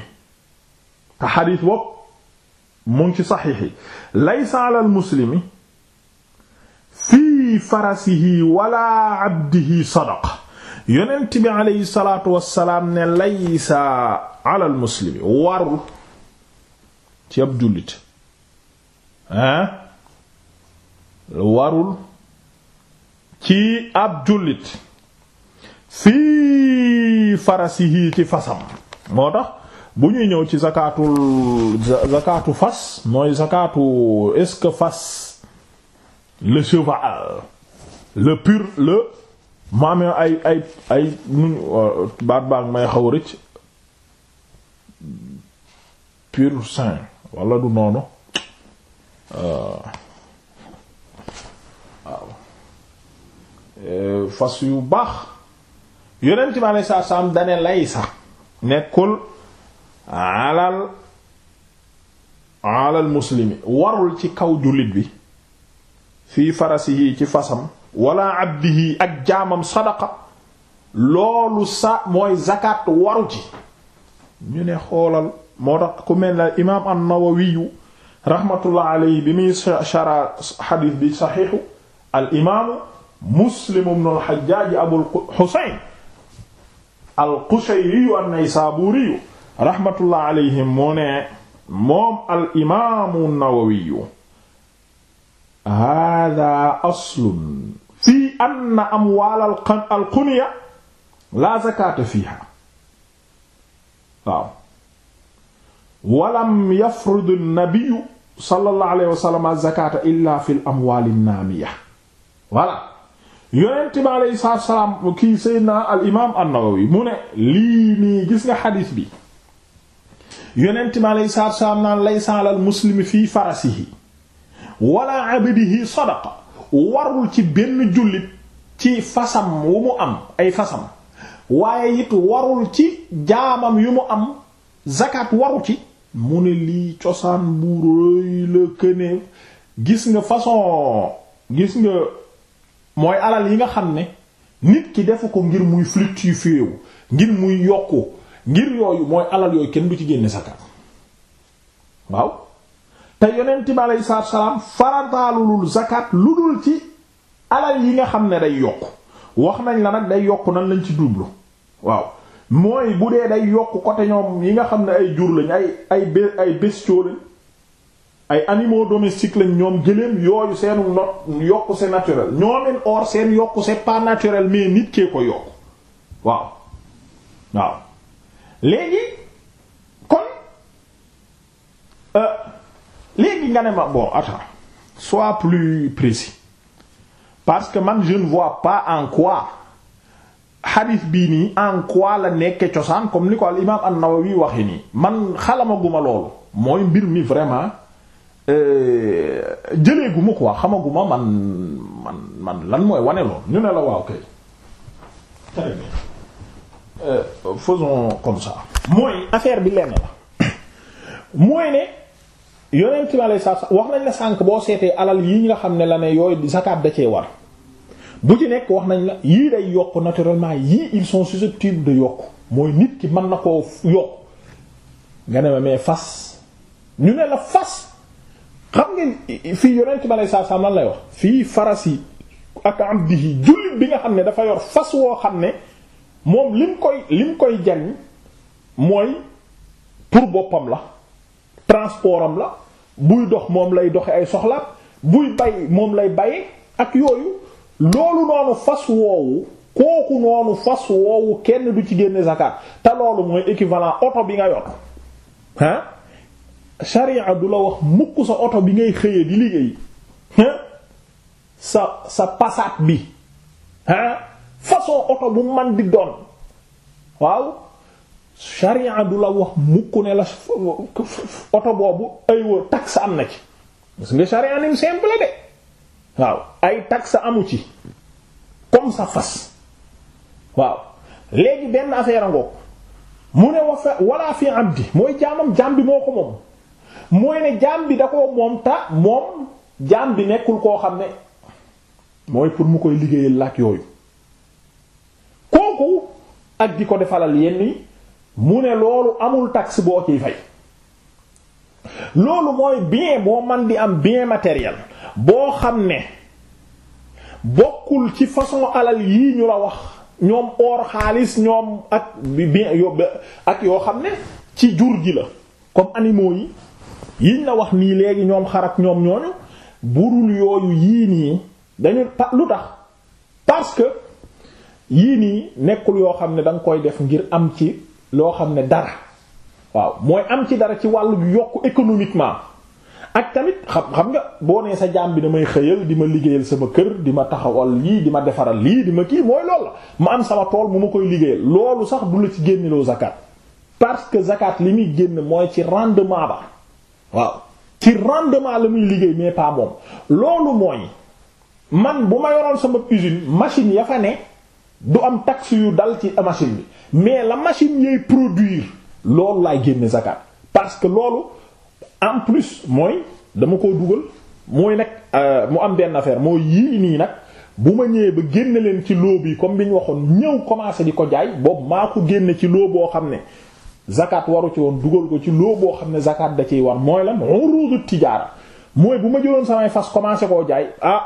te xadiis bopp mu ngi ci saxiix yi laysa ala al muslimi fii farasihi wala abdihi sadaqa yonent bi alayhi salaatu wa salaam ne laysa ala al muslimi warul ci ab jullit ah warul. ci ab jullit fii farasihi ci fasam moo tax bu ñuy ñëw ci zakaatul zakatu fas mooy zakatu est-ce fas le cheval le pur le mu amee ay ay ay nu baat may xaw a rëcc pur saint wala du noonu euh, waaw. Euh, fas yu baax yonent bi alei saatu salaam lay sax nekkul alal alal muslimi warul ci kaw jullit bi fii farasihi ci fasam wala abdihi ak jaamam sadaqa loolu sa mooy zakat waru ci ñu ne xoolal moo tax ku mel ne imaam an-Nawawi rahmatullah alayhi bi muy shara xadiis bi saxiixu al imaamu muslim ibn al-Hajjaj abul Husayn al-Qushayri an-Naysaburi rahmatullah alayhim mu ne moom al-imaamu an-Nawawi haaza aslun fii anna amwaal al-qunya laa zakaata fiihaa waaw walam yafrud an-nabiy sallallahu alayhi wa sallam az-zakaata illaa fil amwaal an-naamiya voilà yonent bi aleyhi salaatu kii Seydina al imaam an-Nawawi mu ne lii nii gis nga xadiis bi yonent bi aleyhi salaatu salaam naan laysa alal muslimi fii farasihi wala abdihi sadaqa warul ci benn jullit ci fasam wu mu am ay fasam waaye it warul ci jaamam yu mu am zakat waru ci mu ne lii cosaan bu rëy la këne gis nga façon gis nga mooy alal yi nga xam ne nit ki defu ko ngir muy fluctuer wu ngir muy yokku ngir yooyu mooy alal yooyu kenn du ci génne zakat waaw te yonent bi aleyhi salaatu salaam farataalulul zakat lu dul ci alal yi nga xam ne day yokk wax nañ la nag day yokk nan lañ ci dublu waaw mooy bu dee day yokk côté ñoom yi nga xam ne ay jur lañ ay ay ay bés lañ ay animaux domestiques lañ ñoom gëléem yooyu seenu not yokku c'est naturel ñoomin or seen yokku se pas naturel mais nit kee ko yokku waaw waaw léegi kon euh, léegi nga ne ma bon attends sois plus précis parce que man jeune ne vois pas en quoi xadis bii nii en quoi la nekke cosaan comme ni ko al imaam an-Nawawi waxe nii man xalamaguma loolu mooy mbir mi vraiment Euh, jëlee gu ma ko quoi xamaguma man man man lan mooy wane lool ñu ne la waaw kay. très bien euh, mooy affaire bi lenn la mooy ne yonent ma sa sax wax nañ la sànq boo seetee alal yi nga xam ne la ne yooyu zakat da cee war bu ci nekk wax nañ la yii day yokk naturellement yii ils sont susceptibles de yokk mooy nit ki mën na koo yokk nga ne ma mais fas ñu ne la fas. xam ngeen fii yonent bi alayhi salaam lan lay wax fii faras yi ak abdihi jullit bi nga xam ne dafa yor fas woo xam ne moom lim koy lim koy jariñ mooy pour boppam la transportam la buy dox moom lay doxe ay soxla buy bay moom lay baye ak yooyu loolu noonu fas woowu kooku noonu fas woowu kenn du ci génne zakat te loolu mooy équivalent oto bi nga yor sharia du la wax mukk sa oto bi ngay xëyee di liggéey sa sa Passat bi ah façon oto bu man di doon waaw sharia du la wax mukk ne la oto boobu aywa taxe am na ci parce que sharia nim de waaw ay taxe amu ci comme ça fas waaw léegi benn affaire a ngoog mu ne wa fa wala fi abdi mooy jaamam jaam bi moo ko moom mooy ne jaam bi da koo moom ta moom jaam bi nekkul koo xam ne mooy pour mu koy liggéeyal laaj yooyu kooku ak di ko defalal yenn yi mu ne loolu amul taxe boo ciy fay loolu mooy bien boo man di am bien matériel boo xam ne bokkul ci façon alal yi ñu la wax ñoom or xaalis ñoom ak bien yo ak yoo xam ne ci jur gi la comme animaux yi yiñ la wax nii léegi ñoom xarak ñoom ñooñu burul yooyu yii nii dañu lu tax parce que yii nii nekkul yoo xam ne danga koy def ngir am ci loo xam ne dara waaw mooy am ci dara ci wàllu yokk économiquement ak tamit xam xam nga boo nee sa jaam bi damay xëyal di ma liggéeyal sama kër di ma taxawal lii di ma defaral lii di ma kii mooy loolu la ma am sama tool mu ma koy liggéeyal loolu sax du la ci génneloo zakat parce que zakat li muy génn mooy ci rendement ba waaw ci rendement la muy liggéey mais pas moom loolu mooy man bu ma yoroon sama usine machine ya fa ne du am taxe yu dal ci machine bi mais la machine yay produire loolu laay génne zakat parce que loolu en plus mooy dama koo dugal mooy nag euh, mu am benn affaire moo yii nii nag bu ma ñëwee ba génne leen ci loo bi comme bi ñu waxoon ñëw commencé di ko jaay boobu maa ko génne ci loo boo xam ne zakat waru ci woon dugal ko ci loo boo xam ne zakat da ciy war mooy lan urudu tijaara mooy bu ma jëloon samay fas commencé koo jaay ah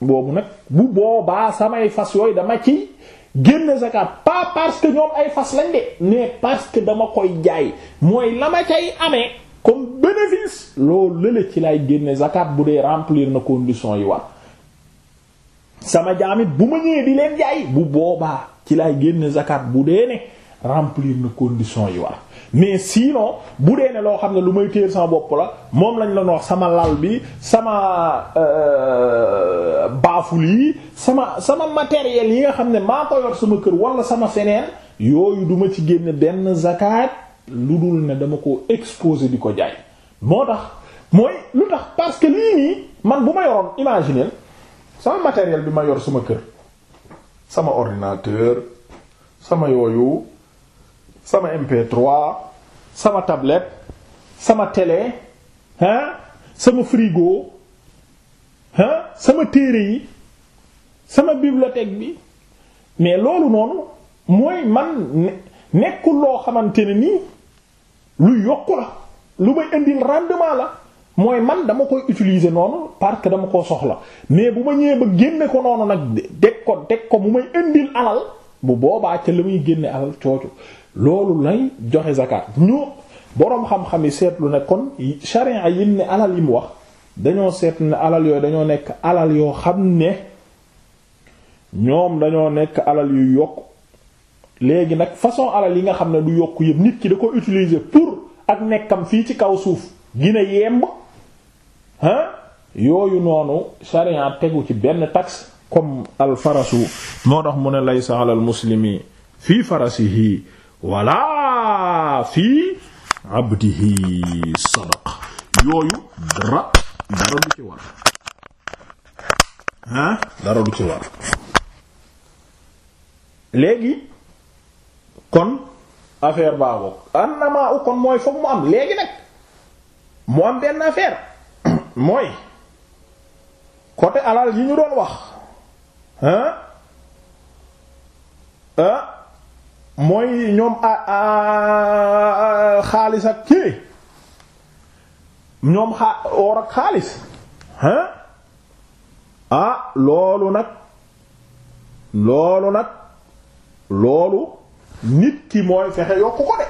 boobu nag bu boobaa samay fas yooyu dama ci génn zakat pas parce que ñoom ay fas lañ de ne parce que dama koy jaay mooy la ma cay amee comme bénéfice loolu lële ci lay génne zakat bu dee remplir na condition yi war sama jaamit bu ma ñëwee di leen jaay bu boobaa ci lay génne zakat bu dee ne remplir na condition yi war mais sinon bu dee ne loo xam ne lu may téyel sama bopp la moom lañ la wax sama lal bi sama euh, baaful yi sama sama matériel yi nga xam ne maa ko yor sama kër wala sama feneen yooyu duma ci génn benn zakat lu dul ne dama ko exposer di ko jaay moo tax mooy lu tax parce que lii nii man bu ma yoroon imaginer sama matériel bi ma yor sama kër sama ordinateur sama yooyu sama MP3 sama tablette sama télé sama frigo sama téere yi sama bibliothèque bi mais loolu noonu mooy man nekkul loo xamante ne nii lu yokku la lu may indil rendement la mooy man dama koy utiliser noonu parce que dama ko soxla mais bu ma ñëwee ba génne ko noonu nag deg ko deg ko mu may indil alal bu boobaa ca la muy génne alal coocu loolu lay joxe zakat ñu boroom xam-xam yi seetlu ne kon sharia yi ne alal yi mu wax dañoo seetlu ne alal yooyu dañoo nekk alal yoo xam ne ñoom dañoo nekk alal yu yokk léegi nag façon alal yi nga xam ne du yokk yëpp nit ki da ko utiliser pour ak nekkam fii ci kaw suuf gina yemb hein yooyu noonu sharia tegu ci benn tax comme al farasu moo tax mu ne laysa alal muslimi fii yii wala fii abdihi war ah dara kon affaire baaboog annama mooy foog mu am léegi nag mu am benn affaire mooy côté alal yi ñu doon wax ah mooy ñoom a xaalis ak kii ñoom xaa or ak xaalis hein ah loolu nag loolu nag loolu nit ki mooy fexe yokk ko de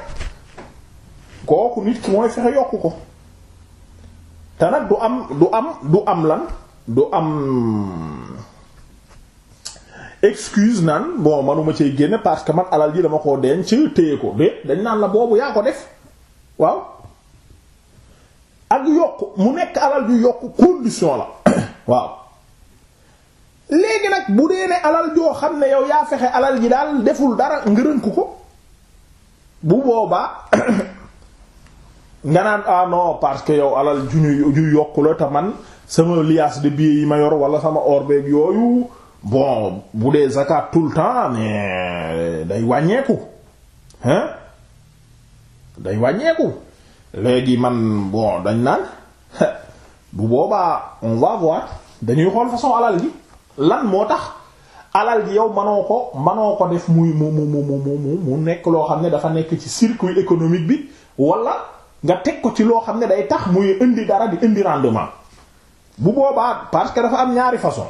kooku nit ki mooy fexe yokk ko te nag du am du am du am lan du am excuse naan bon manuma cee génne parce que man alal ji dama koo denc téye ko déet dañ naan la boobu yaa ko def waaw ak yokk mu nekk alal ju yokk condition la waaw léegi nag bu dee ne alal joo xam ne yow yaa fexe alal ji daal deful dara ngërënk ko bu boobaa nga naan ah non parce que yow alal ju ñu ju yokku la te man sama liasse de billets yi ma yor wala sama or yooyu bon bu dee zakat tout le temps mais euh, day wàññeeku hein day wàññeeku léegi man bon dañ naan bu boobaa on va dañuy xool façon alal gi lan moo tax alal gi yow manoo ko manoo ko def muy mu mu mu mu mu nekk loo xam ne dafa nekk ci circuit économique bi wala nga teg ko ci loo xam ne day tax muy indi dara di indi rendement bu boobaa parce que dafa am ñaari façon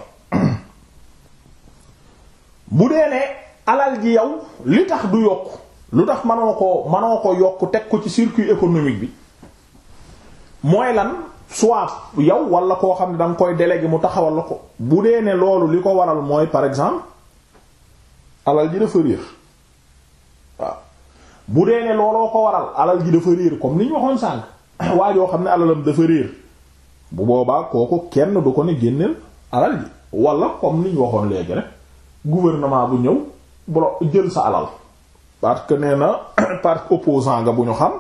bu dee ne alal ji yow li tax du yokk lu tax manoo ko manoo ko yokk teg ko ci circuit économique bi mooy lan soit yow wala koo xam ne da nga koy délégué mu taxawal la ko bu dee ne loolu li ko waral mooy par exemple alal ji dafa réer waaw bu dee ne looloo ko waral alal ji dafa réer comme ni waxoon sànq waa yoo xam ne alalam dafa réer bu boobaa kooku kenn du ko ne génneel alal ji wala comme ni waxoon léegi rek gouvernement bu ñëw bolo jël sa alal parce que nee na parce que opposant nga bu ñu xam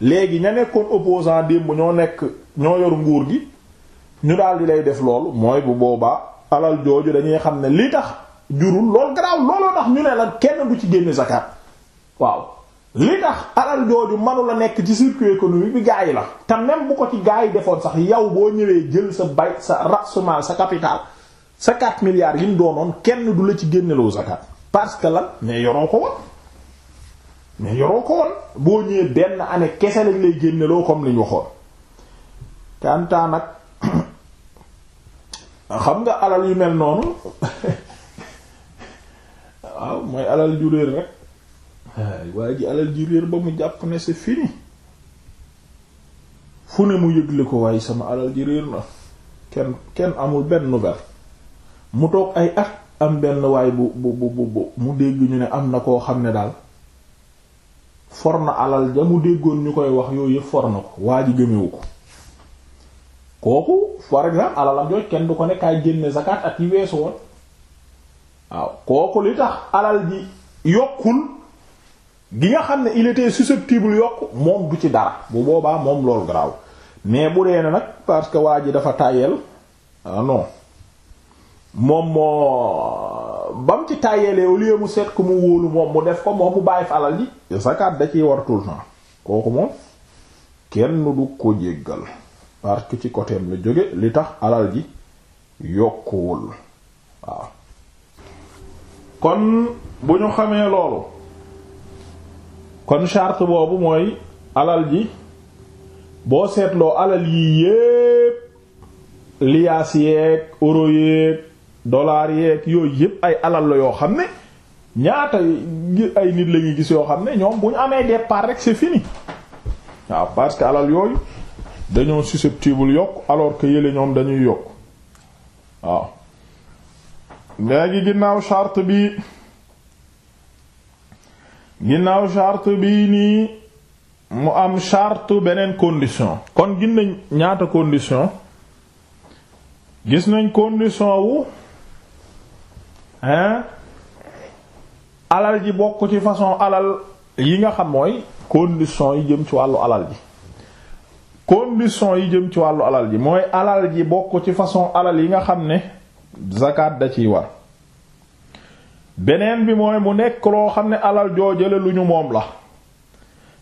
léegi ña nekkoon opposant démb ñoo nekk ñoo yor nguur gi ñu daal di lay def loolu mooy bu boobaa alal jooju dañuy xam ne li tax jurul lool garaaw looloo tax ñu ne la kenn du ci génne zakat waaw li tax alal jooju manu la nekk ci circuit économique bi gaa yi la te même bu ko ci gaa yi defoon sax yow boo ñëwee jël sa bay sa rasumaal sa capital sa 4 milliards yi mu doonoon kenn du la ci génneloo zakat parce que lan mais yoroo ko woon mais yoroo ko woon boo ñëwee benn année kese lañ lay génneloo comme li ñu waxoon kantaa nag xam nga alal yu mel noonu waaw mooy alal ju réer rek waa ji alal ji réer ba mu jàpp ne si fini fu ne mu yëgle ko waaye sama alal ji réer na kenn kenn amul benn nu nouvelle mu toog ay at am benn waay bu bu bu bu mu dégg ñu ne am na koo xam ne daal for na alal ja mu déggoon ñu koy wax yooyu yëpp for na ko waa ji gémmewu ko kooku par exemple alalam jooj kenn du ko ne kaay génne zakat ak yi weesu woon waaw kooku li tax alal ji yokkul gi nga xam ne il était susceptible yokk moom du ci dara bu boobaa moom loolu garaaw mais bu dee nag parce que waa ji dafa tàyyeel ah moom moo bam ci tàyyeelee au lieu mu seet ko mu wóolu moom mu def ko moom mu bàyyi fa alal ji zakat da ciy war tout kooku moom kenn du ko jéggal parce que ci côté la jóge li tax alal ji yokkuwul waaw kon bu ñu xamee loolu kon charte boobu mooy alal ji boo seetloo alal yi yépp liyaas yeeg euro yeeg dollars yeeg yooyu yëpp ay alal la yoo xam ne ñaata ay nit la gis yoo xam ne ñoom bu ñu amee départ rek si fini waaw parce que alal yooyu dañoo susceptible yokk alors que yële ñoom dañuy yokk waaw ngi ginnaaw charte bi ginnaaw charte bi nii mu am charte beneen condition kon gis nañ ñaata condition gis nañ condition wu alal ji bokk ci façon alal yi nga xam mooy condition yi jëm ci wàllu alal ji condition yi jëm ci wàllu alal ji mooy alal ji bokk ci façon alal yi nga xam ne zakat da ciy war beneen bi mooy mu nekk loo xam ne alal joo jële lu ñu moom la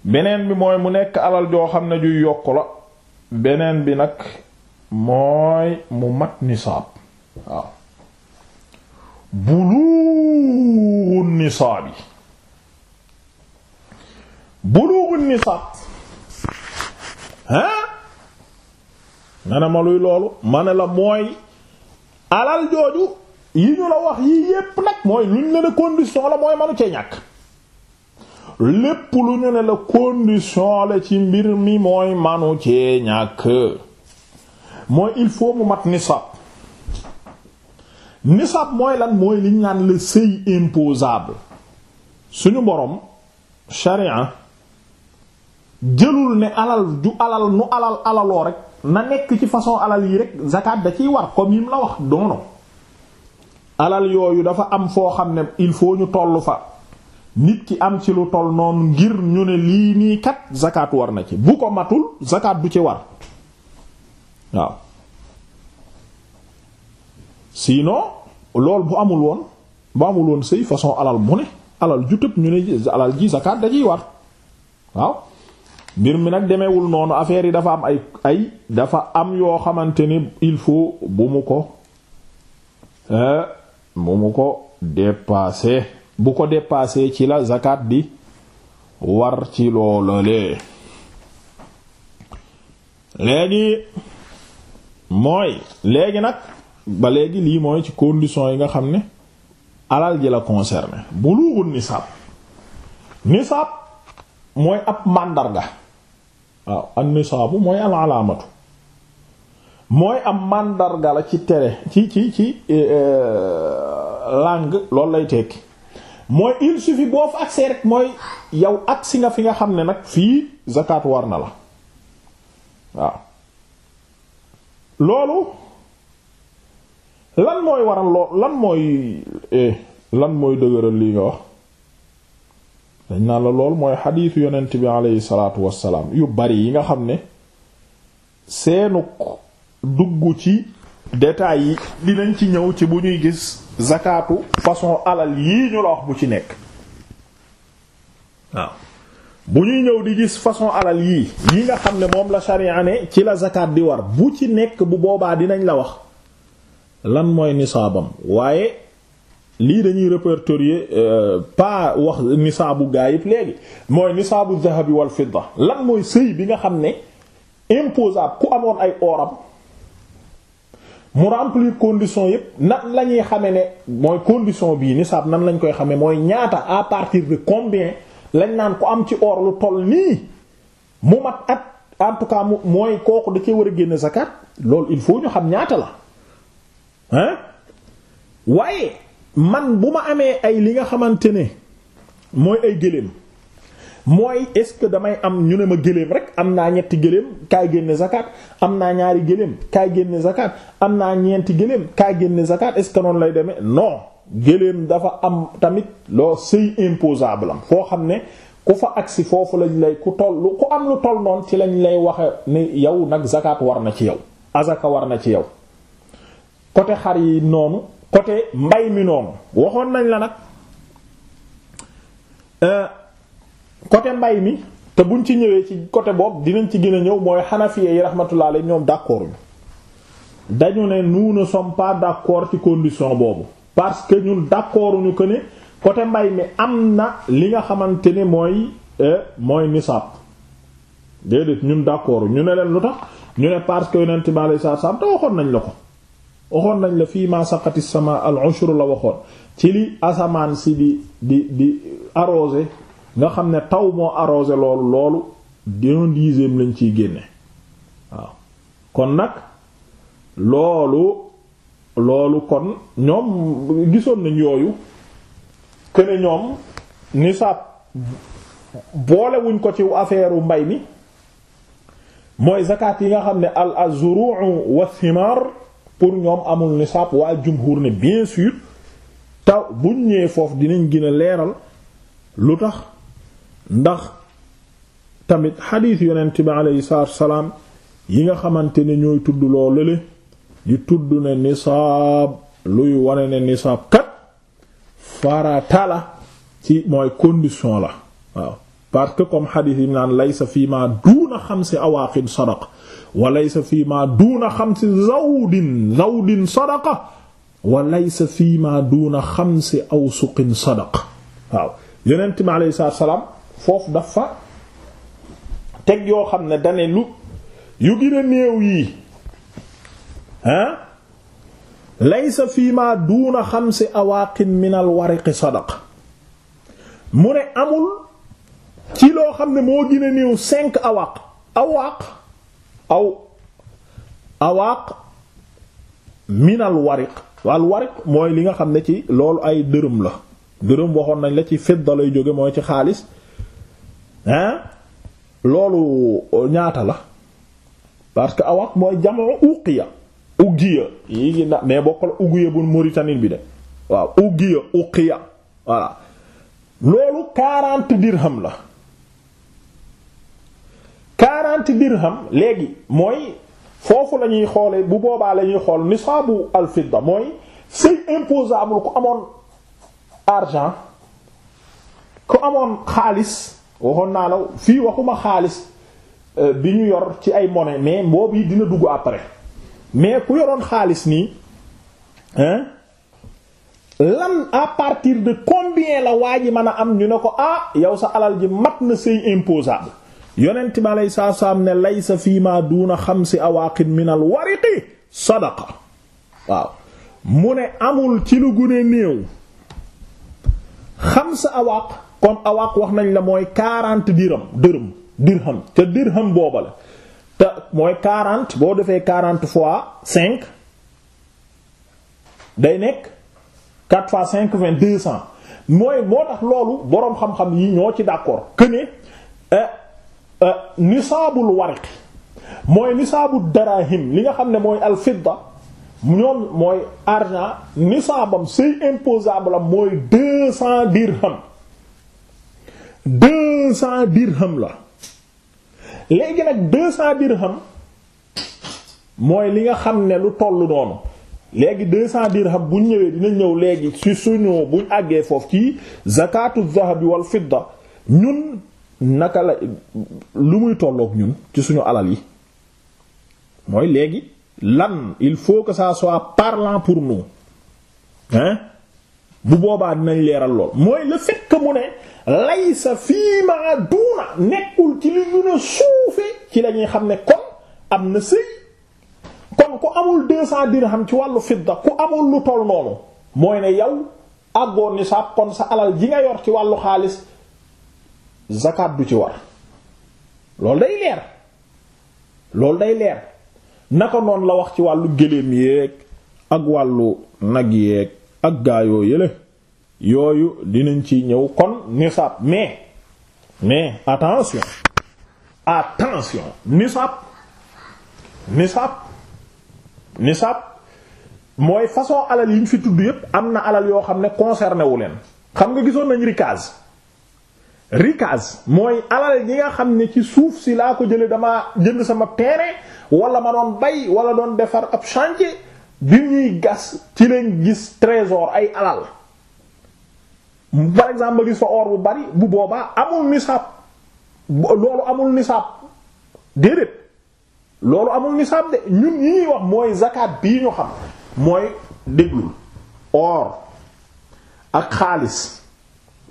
beneen bi mooy mu nekk alal joo xam ne juy yokk la beneen bi nag mooy mu mat nisaab waaw buluugu nisaab yi buluugu nisaab hein nga ne ma luy loolu ma ne la mooy alal jooju yi ñu la wax yii yépp nag mooy lu ñu ne la condition la mooy manu cee ñàkk lépp lu ñu ne la condition la ci mbir mi mooy manu cee ñàkk mooy il faut mu mat nisaab nisab mooy lan mooy liñ naan le seuil imposable suñu boroom charia jëlul ne alal ju alal nu alal alaloo rek na nekk ci façon alal yi rek zakat da ciy war comme yim la wax doono alal yooyu dafa am foo xam ne il faut ñu tollu fa nit ki am ci lu toll noonu ngir ñu ne lii nii kat zakat war na ci bu ko matul zakat du ci war waaw sinon lool bu amul woon bu amul woon sëy façon alal mu ne alal ju tëb ñu ne alal ji zakaat dajiy war waaw mbir mi nag demeewul noonu affaire yi dafa am ay ay dafa am yoo xamante ni il faut bu mu ko bu mu ko dépasser bu ko dépasser ci la zakat bi war ci loolalee léegi mooy léegi nag ba léegi lii mooy ci condition yi nga xam ne alal ji la concerné bulughun nisaab nisaab mooy ab màndarga waaw an nisaabu mooy al alaamatu mooy am màndarga la ci tere ci ci ci e, e, langue loolu lay tekki mooy il suffit boo fa agsee rek mooy yow agsi nga fi nga xam ne nag fii zakat war na la waaw loolu lan mooy waral lool lan mooy eh, lan mooy dëgëral lii nga wax dañ naan la lool mooy xadiisu yonent bi aleyhi salaatu wassalaam yu bari yi nga xam ne seenu dugg ci détails yi dinañ ci ñëw ci bu ñuy gis zakaatu façon alal yii ñu la wax bu ci nekk waaw bu ñuy ñëw di gis façon alal yii yi nga xam ne moom la sharia ne ci la zakat di war bu ci nekk bu boobaa dinañ la wax lan mooy nisaabam waaye lii dañuy répertorier euh, pas wax nisaabu gaa yëpp léegi mooy nisaabu dahabi wal fidda lan mooy sëy bi nga xam ne imposable ku amoon ay oram mu remplir condition yëpp nan la ñuy xame ne mooy condition bii nisaab nan lañ koy xame mooy ñaata à partir de combien lañ naan ku am ci or lu toll nii mu mat at en tout mooy kooku da cee war a génn zakat loolu il faut ñu xam ñaata la hein waaye man bu ma amee ay li nga xamante ne mooy ay gëléem mooy est-ce que damay am ñu ne ma gëléem rek am naa ñetti gëléem kaa génne zakat am naa ñaari gëléem kaay génne zakat am naa ñeenti gëléem kaay génne zakat est noonu lay demee no gëléem dafa am tamit loo sëy imposable am foo xam ne ku fa agsi foofu lañ lay ku toll ku am lu toll noonu ci lañu lay waxe ni yow nag zakat war na ci yow azaka war na ci yow côté xar yi noonu côté mbay mi noonu waxoon nañ la nag euh, côté mbay mi te buñ ci ñëwee ci côté boobu dinañ ci gën a ñëw mooy xanafiye yi rahmatullah alayhi ñoom d'accord dañu ne nous ne sommes pas d'accord ci condition boobu parce que ñun d'accord ñu que ne côté mbay mi am na li nga xamante ne mooy euh, mooy nisaab déedéet ñun d'accord ñu ne leen lu tax ñu ne parce que yonent bi alayhi salaam te waxoon nañ la ko. waxoon nañ la fii ma saqati sama al ushru la waxoon ci li asamaan si di di di arrosé nga xam ne taw moo arrosé loolu loolu d'un dixième lañ ciy génne waaw kon nag loolu loolu kon ñoom gisoon nañ yooyu këne ñoom nisaab boolewuñ ko ci affaire mbay mi mooy zakat yi nga xam ne al azru'u wa thimar pour ñoom amul nisaab waa jumhur ne bien sûr taw buñ ñëwee foofu dinañ gën leeral lu tax ndax tamit xadiis yonent bi aleyhi yi nga xamante ne ñooy tudd loo lële di tudd ne nisaab luy wane ne nisaab kat farata la ci mooy condition la waaw parce que comme xadiis yi naan laysa fii ma xam si awaaqin sadaqa wa laysa fii ma duuna xamsi zawdin zawdin sadaqa wa laysa fii ma duuna xamsi awsuqin sadaqa waaw yonent mi alayhi salaam foofu dafa teg yoo xam ne dane lu yu gën a néew yi ah laysa fii ma duuna min alwariqi sadaqa mu ne amul ci loo xam ne moo gën a néew awaaq awaaq aw awaaq minal wariq wal mooy li nga xam ne ci loolu ay dërëm la dërëm waxoon nañ la ci fidda lay jóge mooy ci xaalis loolu ñaata la parce que awaaq mooy jamoo uqiya uqiya yi ngi na mais bokkul uqiya bu Mauritanie bi de waaw uqiya uqiya voilà loolu 40 dirham la quarante dirham léegi mooy foofu la ñuy xoolee bu boobaa la ñuy xool nisaabu alfidda mooy c'est imposable ku amoon argent ku amoon xaalis waxoon naa la fii waxuma xaalis euh, bi ñu yor ci ay monnaie mais boobu yi dina dugg après mais ku yoroon xaalis nii hein lan à partir de combien la waa ji mën a am ñu ne ko ah yow sa alal ji mat na c'est imposable yonent bi aleyhi ne laysa fii ma duuna xamsi awaaqin min al wariqi sadaqa waaw mu ne amul ci lu gune néew xamsa awaaq kon awaaq wax nañ la mooy quarante dirham dërëm dirham te dirham booba te mooy quarante boo defee quarante fois cinq day nekk quatre fois cinq vingt deux cents mooy moo tax loolu boroom xam-xam yi ñoo ci d'accord que euh, Euh, nisaabul warqi mooy nisaabu darahim li nga xam ne mooy alfidda ñoom mooy argent nisaabam c'est imposable am mooy deux cents dirham deux cents dirham la léegi nag deux cents dirham mooy li nga xam ne lu tollu noonu léegi deux cents dirham buñ ñëwee dina ñëw léegi ci suñu buñ àggee foofu ci zakatu zahabi wal fidda ñun naka la lu muy tollook ñun ci suñu alal yi mooy léegi lan il faut que ça soit parlant pour nous hein bu boobaa dinañ leeral lool mooy le fait mu ne laysa fii ma duuna nekkul ci li ñu ne suufee ci la ñuy xam ne kon am na sëy kon ku amul 200 xam ci wàllu fidda ku amul lu toll noonu mooy ne yow àggoon ni sa kon sa alal yi nga yor ci wàllu xaalis zakat du ci war loolu day leer loolu day leer naka noonu la wax ci wàllu gëléem yeeg ak wàllu nag yeeg ak gaayoo yële yooyu dinañ ci ñëw kon nisaab mais mais attention attention nisaab nisaab nisaab mooy façon alal yi ñu fi tudd yépp am na alal yoo xam ne concerné wu leen xam nga gisoon nañ rikaz rikaas mooy alal yi nga xam ne ci suuf si laa ko jële dama jënd sama terrain walla ma doon bay wala doon defar ab chantier bi ñuy gas ci leen gis trésor ay alal par exemple ma gis fa or bu bari bu boobaa amul nisaab loolu amul nisaab déedéet loolu amul nisaab de ñun ñi ñuy wax mooy zakat bii ñu xam mooy déglul or ak xaalis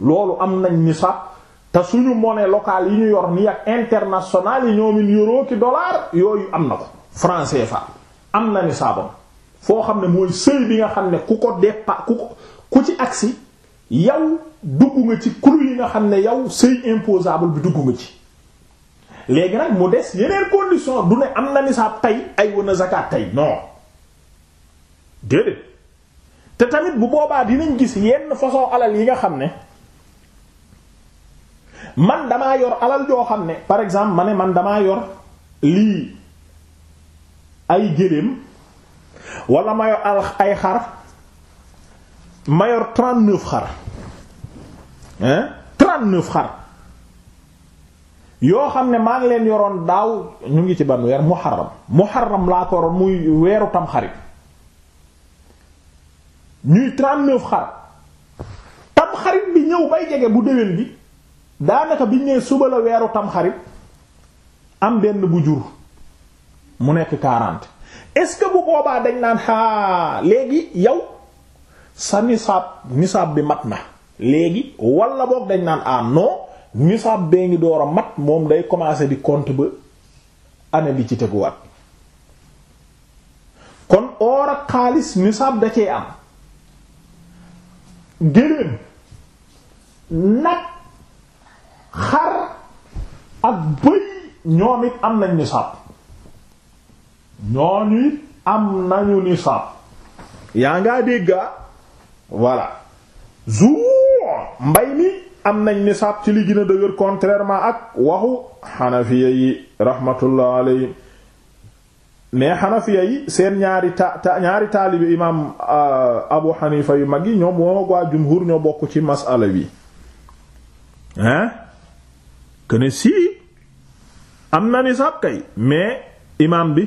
loolu am nañ nisaab te suñu monnaie locale yi ñu yor nii ak internationale yi ñoomin euro ki dollar yooyu am na ko franc fa am na ni saabam foo xam ne mooy seuil bi nga xam ne ku ko dépa ku ko ku ci agsi yow dugg nga ci clou yi nga xam ne yow seuil imposable bi dugg nga ci léegi nag mu des yeneen condition du ne am na nisaab tey ay wana zakat tey non déedéet te tamit bu boobaa dinañ gis yenn façon alal yi nga xam ne man damaa yor alal joo xam ne par exemple ma ne man damaa yor lii ay géléem wala ma yor ay xar mayor yor trente-neuf xar hein neuf xar yoo xam ne maa ngi leen yoroon daaw ñu ngi ci ban weer mu muharram laa ko yoroon muy weeru tamxarit ñuy trente-neuf xar tamxarit bi ñëw bay jege bu déwén bi daanaka biñ nee suba la weeru tamxarit am benn bu jur mu nekk quarante est-ce que bu boobaa dañ naan aa léegi yow sa nisaab nisaab bi mat na léegi wala boog dañ naan ah non nisaab bee ngi door a mat moom day commencer bi compte ba année bi ci teguwaat kon or ak xaalis nisaab da cee am géléem nag xar ak bëy ñoom it am nañ nisaab ñooñu it am nañu nisaab yaa ngaa dégga ah? voilà zu mbay mi am nañ nisaab ci li gën a dëgër contrairement ak waxu xanafiya yi rahmatullah alayhi mais xanafiya yi seen ñaari ta ñaari taalibi imaam euh, abu xanifa yu mag yi ñoom woo waa jumhur ñoo bokk ci masala bi hein que sii am na nisaab kay mais imaam bi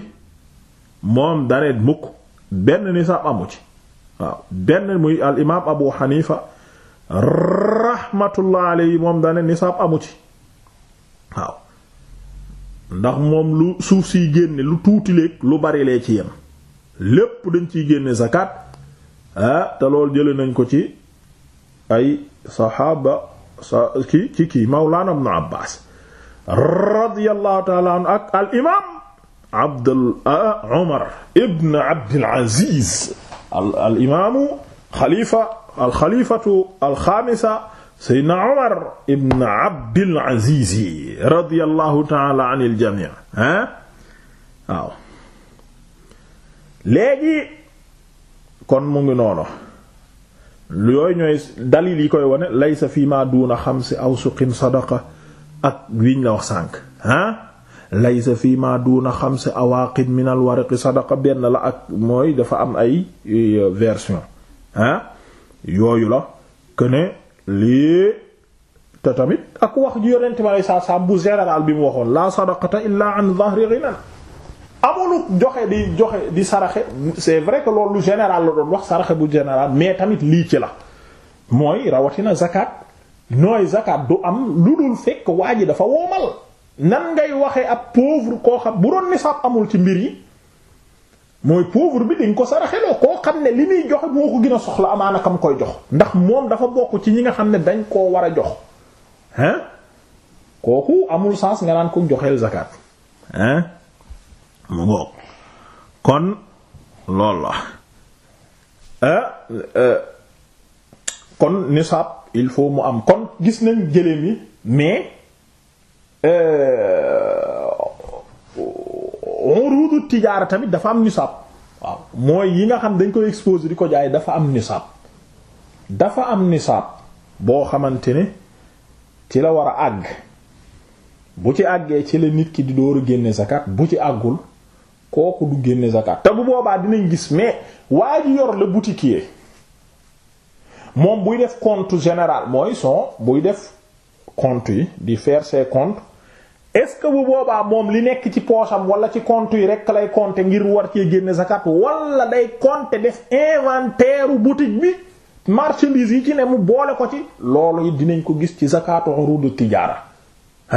moom daneet mukk benn nisaab amu ci waaw benn muy al Abu Hanifa rahmatullah alayhi moom dane nisaab amu ci waaw ndax moom lu suuf siy génne lu tuuti léeg lu bari lee ci yem lépp dañ ciy génne zakat ah, te loolu jële nañ ko ci ay saxaaba sa kii ci kii Mawlana ibn Abbas radiyallahu taala anhu ak al imaam Abdul Umar ibn Abdul Aziz al al imaamu xalifa al xalifatu al xaamisa Seydina Umar ibn Abdul Aziz radiyallahu taala anil jamii ah waaw léegi kon mu ngi noonu. yooyu ñooy dalil yi koy wane laysa fi ma duuna xamsi awsuqin sadaqa ak wiñ la wax sànq ah laysa fi ma duuna xamsi awaqin min al waraqi sadaqa benn la ak mooy dafa am ay version ah yooyu la que ne lii te tamit ak wax ju ma lay sa sam bu général bi mu waxoon la sadaqata illa an dhahri ghina amulu joxe di joxe di saraxe c'est vrai que loolu général la doon wax saraxe bu général mais tamit lii ci la mooy rawatina zakat nooy zakat du am lu dul fekk waa ji dafa woomal nan ngay waxee ab pauvre koo xam bu doon nisaab amul ci mbir yi mooy pauvre bi dañ ko saraxeloo koo xam ne li muy joxe moo ko gën a soxla amaana kam koy jox ndax moom dafa bokk ci ñi nga xam ne dañ koo war a jox hein kooku amul sens nga naan ko joxeel zakat mu ngoog kon lool la euh, euh, kon nisaab il faut mu am kon gis nañ gëléem mi mais urudu euh, tijaara tamit dafa am nisaab waaw mooy yi nga xam dañ koy exposer di ko jaay dafa am nisaab dafa am nisaab boo xamante ne ci la war a àgg bu ci àggee ci la nit ki di door a génne zakat bu ci àggul kooku du génne zakat te bu boobaa dinañ gis mais waa ji yor la boutiquier moom buy def compte général mooy son buy def compte yi di faire ses comptes est-ce que bu boobaa moom li nekk ci poosam wala ci compte yi rekk lay compter ngir war cee génne zakat wala day compter def inventaire boutique bi marchandise yi ci ne mu boole ko ci loolu dinañ ko gis ci zakatu urudu tijaara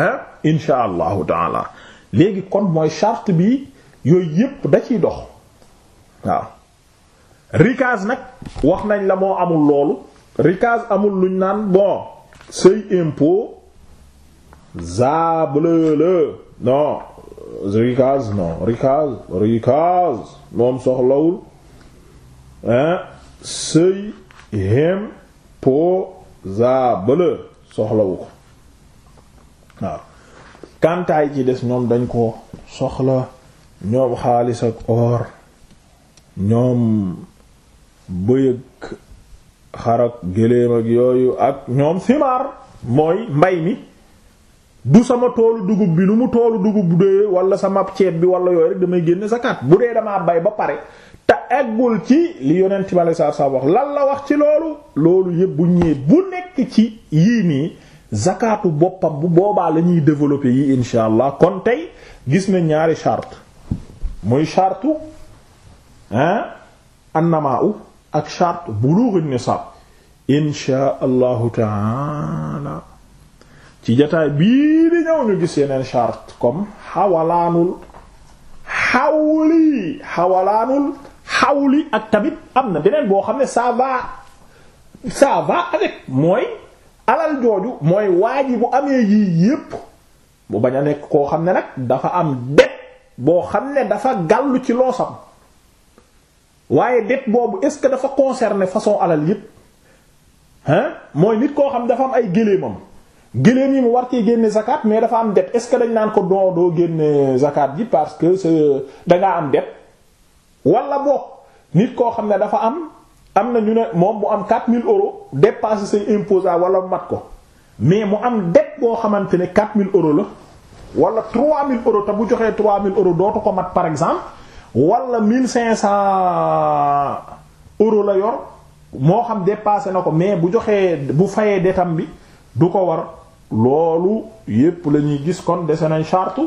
ah insha allahu taala léegi kon mooy charte bi yooyu yépp da ci dox waaw rikaz nag wax nañ la moo amul loolu rikaz amul luñ naan bon seuil impôt zable le non rikaz non rikaz rikaz moom soxlawul hein seuil impôt zable soxlawu ko waaw kantaay ci des ñoom dañ ko soxla ñoom xaalis ak or ñoom bëyëg xarak géléem ak yooyu ak ñoom simaar mooy mbay mi du sama toolu dugub bi lu mu toolu dugub de wala sama ceeb bi wala yooyu damay génne zakat bu dee damaa bay ba pare te eggul ci li yonent bi saa saa wax lan la wax ci loolu loolu yëpp bu ñëwee bu nekk ci yii nii zakatu boppam bu boobaa la ñuy développer yi insha allah kon tey gis na ñaari chart muy chartu hein annamaa u ak charte bulugh an-nisaab insha allahu taala ci jataay bii di ñëw ñu gis yeneen charte comme xawalaanul xawli xawalaanul xawli ak tamit am na beneen boo xam ne ça va avec mooy alal jooju mooy waa amee yii yépp bu bañ a nekk koo xam ne nag dafa am det boo xam ne dafa gàllu ci loosam waaye det boobu est-ce que dafa concerner façon alal yëpp hein mooy nit koo xam dafa am ay géléemam géléem yi mu war cee génne zakat mais dafa am det est-ce que dañ naan ko doo doo génne zakat ji parce que c'est dangaa am det wala boog nit koo xam ne dafa am am na ñu ne moom bu am mille euro dépassé say imposable wala mat ko mais mu am det boo xamante ne mille euro la wala 3000 euros te bu joxee 3000 euros dootu ko mat par exemple wala 1500 euros la yor moo xam dépassé na ko mais bu joxee bu fayee detam bi du ko war loolu yépp la ñuy gis kon dese nañ charte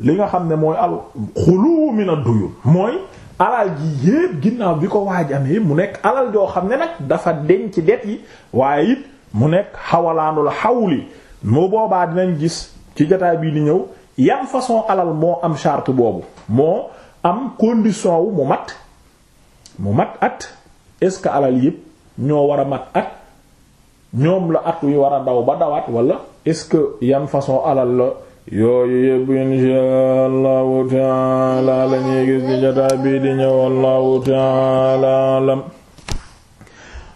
li nga xam ne mooy al xulu min ad-duyun mooy alal ji yépp ginnaaw bi ko waaj amee mu nekk alal joo xam ne nag dafa ci det yi waaye it mu nekk xawalaanul xawli moo boobaa dinañ gis. ci jotaay bii di ñëw yan façon alal moo am charte boobu moo am condition wu mu mat mu mat at est-ce que alal yépp ñoo war a mat at ñoom la at wi war a daw ba dawaat walla est-ce yan façon alal la yooyu yépp insha allahu taala la gis ci jotaay bii di ñëw allahu taala